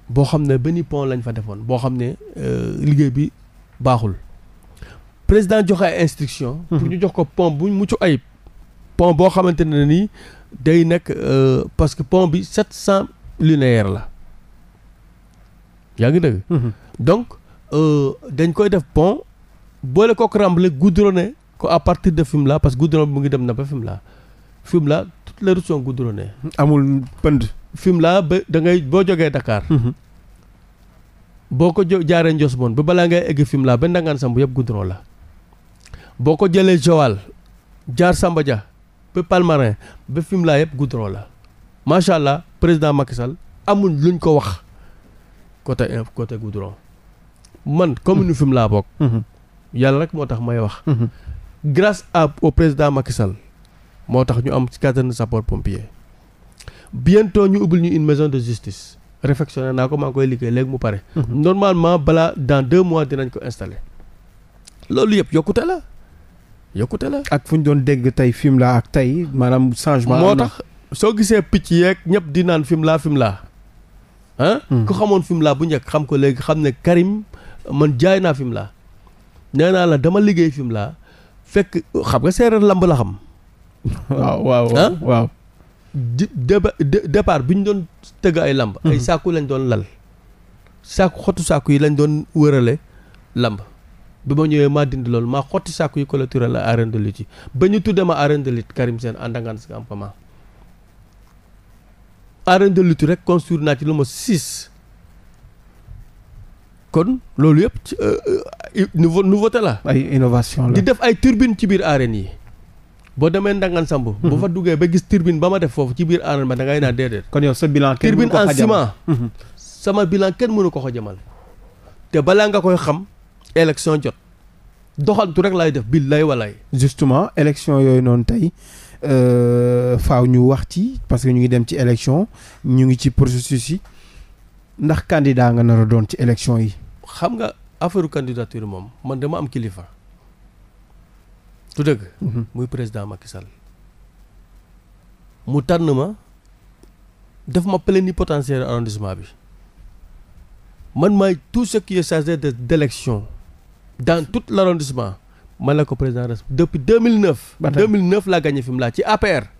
Speaker 2: boo xam ne benn pont lañ fa defoon boo xam ne euh, liggéey bi baaxul. président joxe ay instruction mhm. pour ñu jox ko pont bu mucc ayib. pont boo xamante ne nii day nekk euh, parce que pont bi sept cent linéaire la. yaa ngi dëgg mhm. donc euh, dañ koy def pont boole kook Ramblay goudronné ko à partir de Fimela parce que goudron bi mu ngi dem na ba Fimela Fimela toutes les routes sont goudronnées amul pënd Fimela ba da ngay boo jógee Dakar mhm. boo ko jaaree bon ba balaa ngay egg Fimela ba Ndangaan Samb yëpp goudron la boo ko jëlee Joal jaar Samba Dia ba Palmarin ba Fimela yëpp goudron la macha allah président Macky Sall amul luñ ko wax côté côté goudron man commune Fimela laa bokk mm-hmm. yàlla rek moo tax may wax mm-hmm. grace à au président Macky Sall moo tax ñu am ci caserne sapeur pompier bientôt ñu ubbil ñu une maison de justice réfectionné naa ko maa koy liggéey léegi mu pare mm-hmm. normalement balaa dans deux mois dinañ ko installé loolu yëpp yokkute la
Speaker 1: yokkute la ak fu ñu doon dégg tey Fimela ak tey maanaam changement moo tax
Speaker 2: soo gisee picc yeeg ñëpp di naan Fimela Fimela Hmm. ku xamoon fi laa bu njëkk xam ko léegi xam ne Karim man jaay naa fi mu laa nee naa la dama liggéey fi mu laa fekk xam nga séeréer lamb la xam waaw waaw ah waaw bi ñu doon tëgg ay lamb hmm. ay saaku lañ doon lal saaku xottu saaku yi lañ doon wërale lamb bi ma ñëwee maa dindi loolu maa xotti saaku yi clôturer la arène de lutte yi ba ñu tuddee ma arène de seen Karim Sène àndangaan si am arène de lutte rek construire naa ci lu ma six kon loolu yëpp ci euh, euh, nouveau nouveauté la. ay innovation la di def ay turbine ci biir arène yi. boo demee Ndangan Samb. bu mhm. fa duggee ba gis turbine ba ma def foofu ci biir arène ba da ngay naan déedéet. kon yow sa bilan kenn mënu ko xajamal turbine mhm. sama bilan kenn mënu ko xajamal. te balaa nga koy xam élection jot doxantu rek laay def lay walaay.
Speaker 1: justement élection yooyu noonu tey. Euh, faaw ñu wax ci parce que ñu ngi dem ci élection ñu ngi ci processus yi ndax candidat nga nar doon ci élection yi.
Speaker 2: xam nga affaire candidature moom man dama am kilifa. du dëgg. Mhm. muy président Macky Sall. mu tànn ma def ma ni plénipotentiaire arrondissement bi man may tout ce qui est chargé de d'élection dans tout l'arrondissement man la ko président res depuis 2009. ba tey 2009 laa gagné fi mu laa ci APR.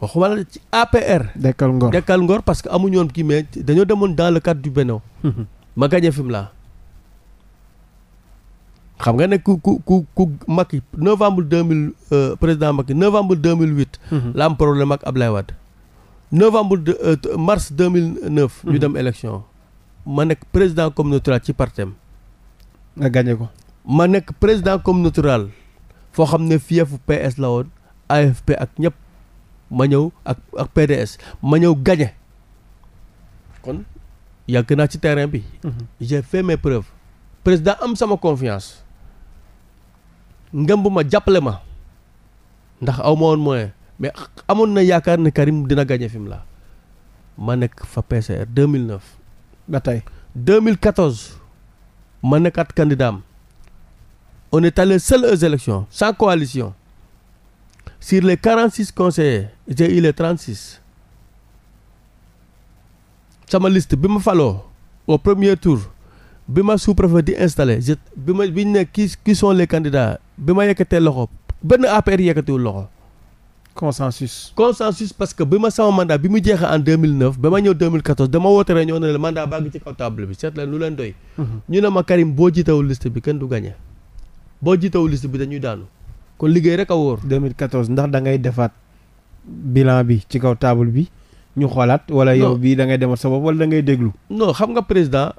Speaker 2: waxuma ci APR. dekkal ngor dekkal ngor parce que amuñu woon kii mais dañoo demoon dans le cadre du Benno. ma gagné fi mu laa. xam nga ne ku ku ku ku Macky novembre 2000 euh, président Macky novembre 2008. Mhm. la am problème ak Ablaye Wade. novembre de euh, mars 2009. ñu mhm. dem élection. ma nekk président communautaire ci partem nga gagné ko. ma nekk président communauté rurale foo xam ne fiefu PS la woon AFP ak ñëpp ma ñëw ak ak PDS ma ñëw gaje kon yàgg naa ci terrain bi. Mhm. j'ai fait mes preuves. président am sama confiance ngëm ma jàppale ma ndax aw ma woon moyen mais amoon na yaakaar ne Karim dina gagné fi mu la ma nekk fa PCR ba tey 2014 ma nekkaat candidat am on est allé seul aux élections sans coalition sur les 46 conseillers j'ai eu les 36 sama liste bi ma faloo au premier tour bi ma sous-préfet di installé je bi ma bi ñu ne qui qui sont les candidats bi ma yekkatee loxo benn APR yekkatiwul loxo. consensus. consensus parce que bi ma sama mandat bi mu jeexee en 2009 ma ñëw dama woote ñoo ne la mandat baa ngi ci kaw table bi seet lu leen doy. Mhm. ñu ne ma Karim boo jiitawul liste bi kenn du gagné. boo jiitawu liste bi dañuy daanu kon liggéey rek a wóor. 2014 ndax da ngay defaat
Speaker 1: bilan bi ci kaw taabul bi ñu xoolaat. wala yow bii da ngay demal sa bopp wala ngay déglu.
Speaker 2: noo xam nga président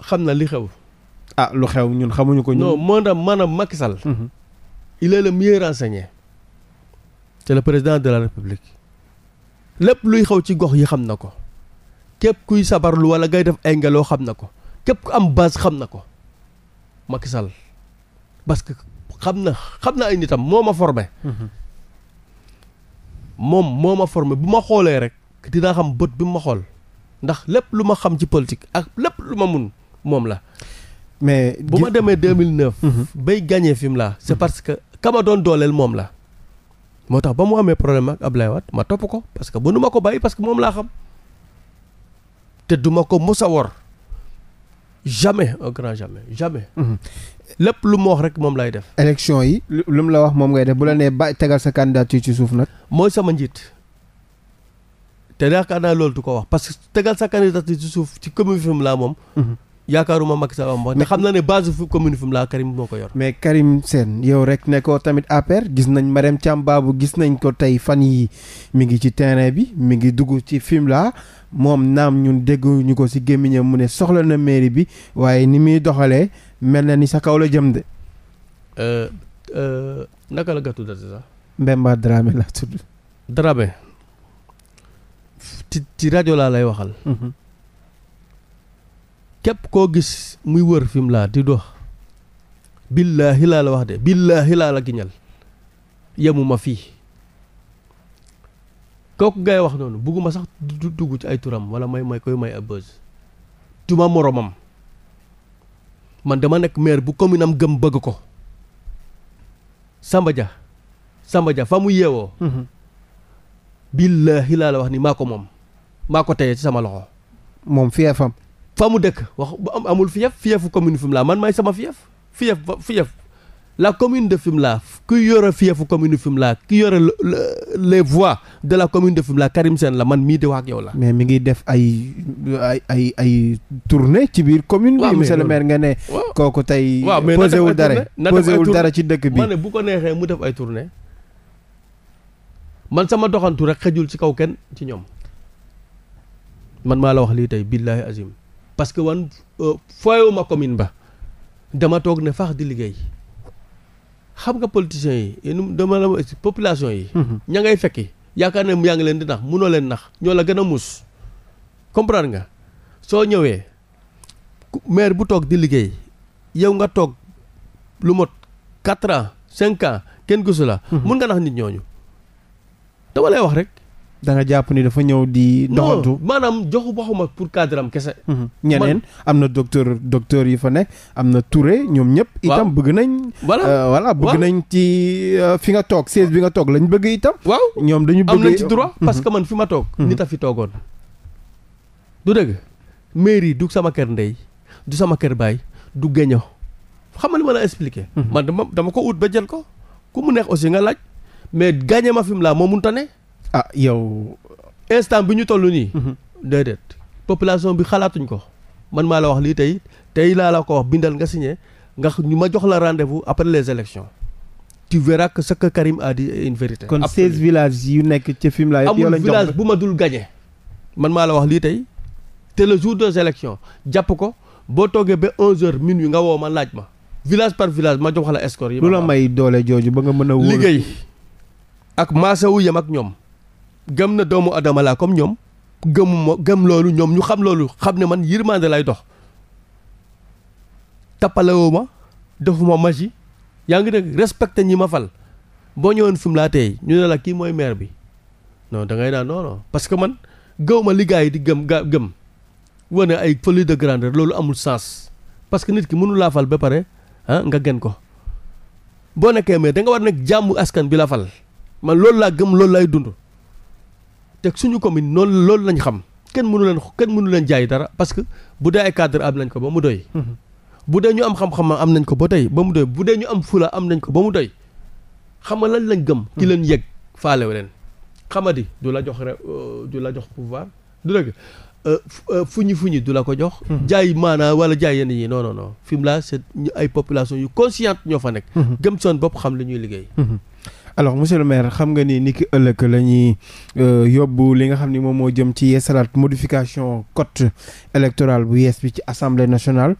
Speaker 2: xam na li xew.
Speaker 1: ah lu xew ñun xamuñu ko. ñun non
Speaker 4: maanaam
Speaker 2: maanaam Macky Sall. Mhm. il est le mieux renseigné. c'est le président de la république. lépp luy xew ci gox yi xam na ko. képp kuy sabarlu wala ngay def ay ngeloo xam na ko. képp ku am base xam na ko Macky parce que xam na xam na ay nitam moo ma formé. Mhm. moom moo ma forme bu ma xoolee rek dinaa xam bët bi mu ma xool ndax lépp lu ma xam ci politique ak lépp lu ma mun moom la. mais bu ma demee 2009. Mhm. bay gagné fi mu laa. c'est mhm. parce que ka ma doon dooleel moom la. moo tax ba mu amee problème ak Ablaye Wade ma topp ko parce que mënu ma ko bàyyi parce que moom laa xam te duma ko mos a wor. jamais au grand jamais jamais. lépp lu mu wax rek moom lay def.
Speaker 1: élection yi lu mu la wax moom ngay def bu la nee ba tegal sa candidature ci suuf nag. mooy
Speaker 2: sama njiit te yaakaar naa loolu du ko wax parce que tegal sa candidature ci suuf ci commune laa moom. Mhm. yaakaaruma Macky sa wax mais xam na ne base fu commune fi mu laa Karim moo ko yor.
Speaker 1: mais Karim Sène yow rek ne ko tamit APR gis nañ Marème Thiam Babou gis nañ ko tey fan yi mi ngi ci terrain bi mi ngi dugg ci film la moom naam ñun dégguñu ko si gémmiñam mu ne soxla na mairie bi waaye ni muy doxalee mel na ni sa kaw la jëm de.
Speaker 2: Euh, euh, naka la gàttu date sax.
Speaker 1: Mbemba Dramé la tudd.
Speaker 2: Dramé ci ci rajo laa lay waxal. Mhm. képp koo gis muy wër fi laa di dox billaahi laa la wax de billaahi laa la giñal yemuma fii kooku gay wax noonu bugguma sax du dugg ci ay turam wala may may koy may ab buzz tuma moroomam man dama nekk maire bu commune am gëm bëgg ko Samba Dia Samba Dia fa mu yeewoo mm-hmm. billaahi laa la wax ni maa ko moom maa ko teye ci sama loxo moom fii fam fa mu dëkk wax amul fief fiefu commune Fimela man maay sama fief fief la commune de Fimela ku yore fiefu commune Fimela ki yore les voies de la commune de Fimela Karim Sène la man mii di wax ak yow la. mais mi ngi def ay ay ay
Speaker 1: ay tournée ci biir commune. bi monsieur le maire nga ne. kooku tey. waaw mais posé dara ci dëkk bi. ma ne
Speaker 2: bu ko neexee mu def ay tournée man sama doxantu rek xëjul ci kaw kenn ci ñoom man maa la wax lii tey billaahi azim. parce que wan euh, foyewuma commune ba dama toog ne faax di liggéey xam nga politiciens yi dama la population yi mhm. ña ngay fekki yaakaar ne yaa ngi leen di nax munoo leen nax ñoo la gën a muus comprendre nga soo ñëwee maire bu toog di liggéey yow nga toog lu mot quatre ans cinq ans kenn gisu la mhm. mun nga nax nit ñooñu dama lay wax rek
Speaker 1: danga jàpp ni dafa ñëw di. doxantu
Speaker 2: maanaam joxu waxuma pour cadre kese. Mhm.
Speaker 1: ñeneen am na docteur docteur yi fa nekk am na Touré ñoom ñëpp. itam bëgg nañ.
Speaker 2: voilà euh, bëgg nañ
Speaker 1: ci euh, fi nga toog siège bi nga toog lañ bëgg itam. waaw ñoom dañu bëgg am nañ ci droit. Mhm. parce que
Speaker 2: man fi ma toog. Mhm. nit a fi toogoon. du dëgg mairie du sama kër ndey du sama kër baay du géño xam ma li ma la expliqué. man dama dama ko ut ba jël ko ku mu neex aussi nga laaj mais gagné ma fi mu laa moo mun tane ah yow instant bi ñu toll nii. Mhm. déedéet population bi xalaatuñ ko man maa la wax lii tey tey laa laa ko wax bindal nga signé nga ñu ma jox la rendez-vous après les élections tu verras que ce que Karim a dit est une vérité. yu nekk ci Fimela yëpp yow la amul village bu ma dul gagné man maa la wax lii tey te le jour des élections jàpp ko boo toogee ba 11h minuit nga woo ma laaj ma village par village ma jox la escort yi. ma lu la
Speaker 1: may doole jooju ba nga mën a. wóor liggéey
Speaker 2: ak maasawu ak ñoom. gëm na doomu adama laa comme ñoom gëmuma gëm loolu ñoom ñu xam loolu xam ne man yërmande lay dox tappalewoo ma defuma magie yaa ngi dégg respecté ñi ma fal boo ñëwoon fi mu laa tey ñu ne la kii mooy maire bi non da ngay naan non parce que man gëw ma li yi di gëm ga gëm wane ay folie de grandeur loolu amul sens parce que nit ki mënulaa fal ba pare ah nga gën ko boo nekkee mais da nga war nekk jàmm askan bi la fal man loolu laa gëm loolu lay dund te suñu commune noonu loolu lañ xam kenn mënu leen kenn mënu leen jaay dara parce que bu dee ay cadre am nañ ko ba mu doy. Mhm. bu dee ñu am xam-xam am nañ ko ba tey ba mu doy bu dee ñu am fula am nañ ko ba mu doy xam nga lan lañ gëm. di mhm. leen yëg faalew leen. xamadi du la jox re euh, du la jox pouvoir du fu la fu fuñi du la ko jox. Mhm. jaay maanaa wala jaay yenn yi non non non fi mu laa ay population yu consciente ñoo fa nekk. gëm seen bopp xam li ñuy liggéey.
Speaker 1: alors monsieur le maire xam nga ni ni ki ëllëg la ñuy euh, yóbbu li nga xam ni moom moo jëm ci yeesalaat modification code électoral bu yees bi ci assemblée nationale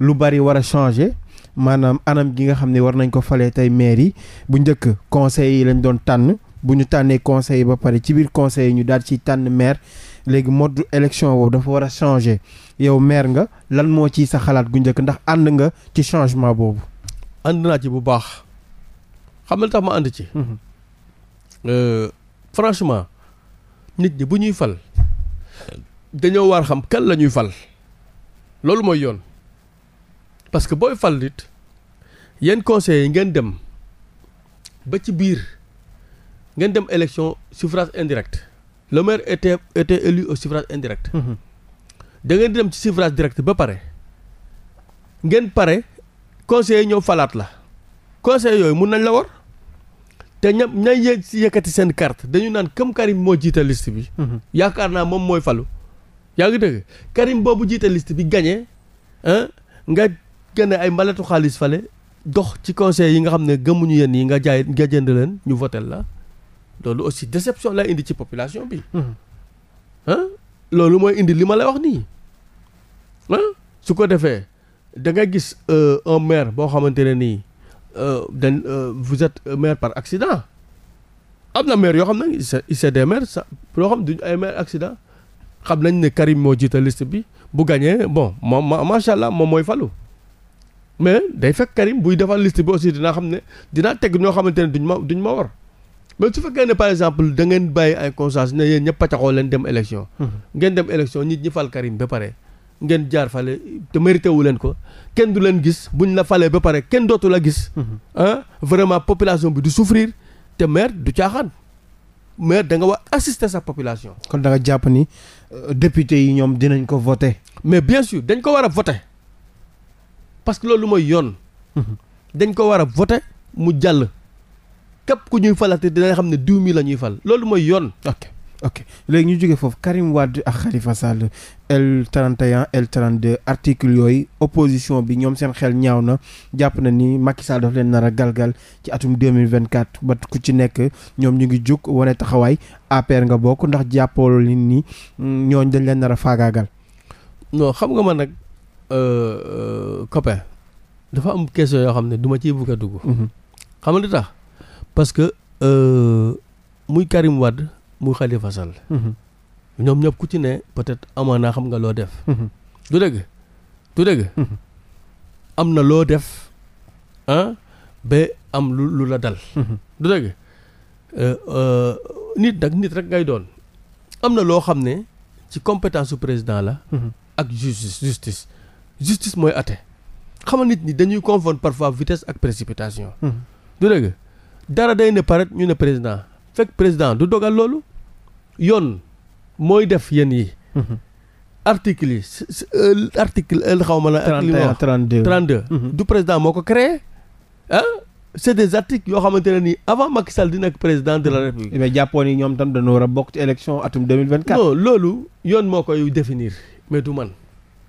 Speaker 1: lu bari war a changer maanaam anam gi nga xam ne war nañ ko falee tey maire yi bu njëkk conseil yi lañ doon tànn bu ñu tànnee conseil ba pare ci biir conseil yi ñu daal ci tànn maire léegi mode élection boobu dafa war a changer yow maire nga lan moo ci sa xalaat gu njëkk ndax ànd nga ci changement boobu.
Speaker 2: ànd bu baax. xam nga tax ma ànd ci. Mhm. Euh, franchement nit ñi bu ñuy fal dañoo war xam kan la ñuy fal loolu mooy yoon parce que booy fal nit yenn conseillers yi ngeen dem ba ci biir ngeen dem élection suffrage indirect le maire était était élu au suffrage indirect. Mhm. da ngeen dem ci suffrage direct ba pare ngeen pare conseillers ñoo falaat la conseillers yooyu mun nañ la war. te ñam ña yë si yëkkati seen carte dañu naan comme Karim moo jiite liste bi. Mhm. yaakaar naa moom mooy falu. yaa ngi dëgg Karim boobu jiite liste bi gañe nga génne ay maletu xaalis fale dox ci conseil yi nga xam ne gëmuñu yéen yi nga jaay nga jënd leen ñu votel la loolu aussi déception lay indi ci population bi. Mhm. loolu mooy indi li ma lay wax nii su ko defee da nga gis euh, un maire boo xamante ne nii. Euh, dañ euh, vous êtes euh, maire par accident am na maire yoo xam ne c'est des maires sax yoo xam ay maire accident xam nañ ne Karim moo jiite liste bi bu gagné bon moom ma macha allah moom mooy falu mais day fekk Karim buy defal liste bi aussi dinaa xam ne dinaa teg ñoo xamante ne duñ ma duñ ma war mais su fekkee ne par exemple da ngeen bàyyi ay conscience ne yéen ñëpp paccaxoo leen dem élection. Mhm. ngeen dem élection nit ñi fal Karim ba pare. ngeen jaar fale te mérité wu leen ko kenn du leen gis buñ la falee ba pare kenn dootu la gis. ah vraiment population bi du souffrir te maire du caaxaan maire da nga war assister sa population.
Speaker 1: kon da nga jàpp ni euh, député yi ñoom dinañ ko voter.
Speaker 2: mais bien sûr dañ ko war a voter parce que loolu mooy yoon. Mhm. dañ ko war a voter mu jàll. képp ku ñuy falati dina xam ne diw mi la ñuy fal loolu mooy yoon. ok
Speaker 1: ok léegi ñu jógee foofu Karim Wade ak Khalifa Sall L 31 L 32 article yooyu opposition bi ñoom seen xel ñaaw na jàpp na ni Macky Sall daf leen nar a galgal ci atum 2024 ba ku ci nekk ñoom ñu ngi jóg wane taxawaay APR nga bokk ndax jàppoo li ni mm, ñooñ dañ leen nar a faagaagal.
Speaker 2: non xam nga man nag euh, euh, copain dafa am question yoo xam ne duma ma bugg a dugg. Mm-hmm. xam nga li tax parce que euh, muy Karim Wade. muy Khalifa Sall. Mhm. ñoom ñëpp ku ci ne peut-être amoon naa xam nga loo def. Mhm. du dëgg du dëgg. Mhm. am na loo def ah ba am lu lu la dal. du dëgg euh, euh, nit nag nit rek ngay doon am na loo xam ne ci compétence su président la. ak justice justice justice mooy atte xamal nit ñi dañuy confondre parfois vitesse ak précipitation. du dëgg dara day ne paret ñu ne président fekk président du dogal loolu. yoon mooy def yéen yi. Mhm. article yi euh, article euh, xaw ma la. 31 32 32. du président moo ko créé ah. c'est des articles yoo xamante ne nii avant Macky Sall di nekk président de la mhm. République. mais eh jàppoon ni ñoom tam dañoo war a bokk ci élection atum 2024. non loolu yoon moo koy définir mais du man.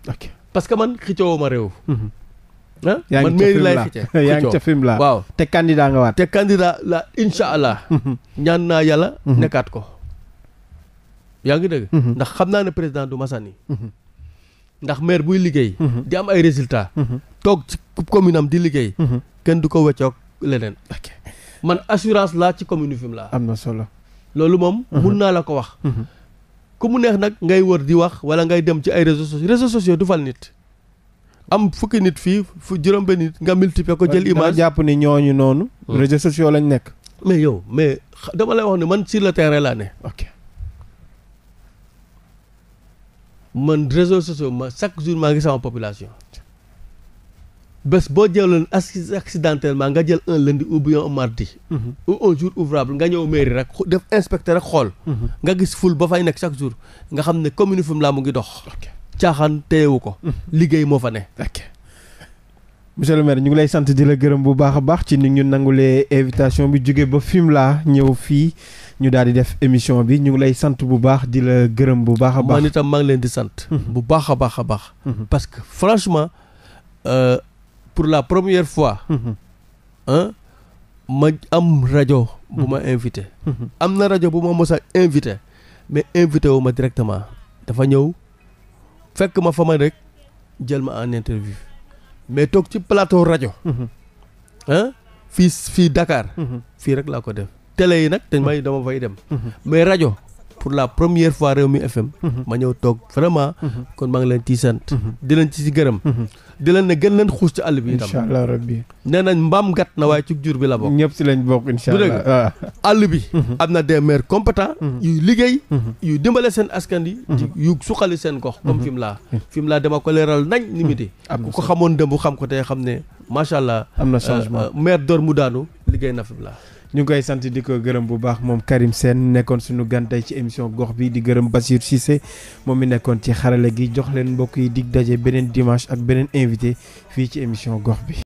Speaker 2: ok parce que man xëccoo ma réew. Mhm. Ah? man mairie lay xëccoo yaa ngi ca film waaw te candidat nga waat. te candidat la incha allah. ñaan naa yàlla. nekkaat ko. yaa ngi dëgg mhm. ndax xam naa ne président du masani mhm. ndax maire buy liggéey mhm. di am ay résultat toog ci commune am di liggéey kenn du ko weccoog leneen man assurance laa ci commune Rufisque laa am na solo loolu moom mun naa la ko wax ku mu neex nag ngay wër di wax wala ngay dem ci ay réseaux sociaux réseaux sociaux du fal nit am fukki nit fii fu juróom benn nit nga multiplier ko jël image jàpp ni ñooñu noonu mm. réseaux sociaux lañ nekk mais yow mais dama lay wax ne man sur le terrain laa ne ok man réseaux sociaux ma chaque jour maa ngi sama population bés boo jëloon maa nga jël un lundi ou bien un mardi. Mm-hmm. ou un jour ouvrable nga ñëw mairie rek def inspecteur rek xool. Mm-hmm. nga gis ful ba fay nekk chaque jour nga xam ne commune laa mu ngi dox. caaxaan téyewu ko. Mm-hmm. liggéey moo fa ne.
Speaker 1: monsieur le maire ñu ngi lay sant di la gërëm bu baax a baax ci ni ñu lee invitation bi jóge ba laa ñëw fii ñu daal di def émission bi ñu ngi lay sant bu baax di la gërëm bu baax a baax man
Speaker 2: itam maa ngi leen di sant mhm. bu baax a baax a baax mhm. parce que franchement euh, pour la première fois mhm. hein, ma am rajo bu ma invité am na rajo bu ma mos invité mais invité wu ma directement dafa ñëw fekk ma fa ma rek jël ma en interview mais toog ci plateau rajo. ah fii fii Dakar. Mhm. fii rek laa ko def télé yi nag dañ mhm. may dama fay dem. mais rajo pour la première fois réew mi FM. ma ñëw toog vraiment. kon maa ngi leen ciy sant. di leen ci si gërëm. di leen ne gën leen xuus ci àll bi itam incha allah nee nañ mbaam gat na waaye ci jur bi la bokk ñëpp si lañ bokk incha allah ah. àll bi mhm. am na des maires compétents mhm. yuy liggéey mhm. yu dimbale seen askan yi yu suqali seen gox comme fi mu laa fi mu laa dama ko leeral nañ ni mu di ku ko xamoon dëmb xam ko tey xam ne macha allah am na euh, changement euh, maire dor mu daanu liggéey na fi mu laa
Speaker 1: ñu ngi koy sant di ko gërëm bu baax moom Karim seen nekkoon suñu gan ci émission gox bi di gërëm Bassir Cissé moom mi nekkoon ci xarale gi jox leen mbokk yi dig daje beneen dimanche ak beneen invité fii ci émission gox bi.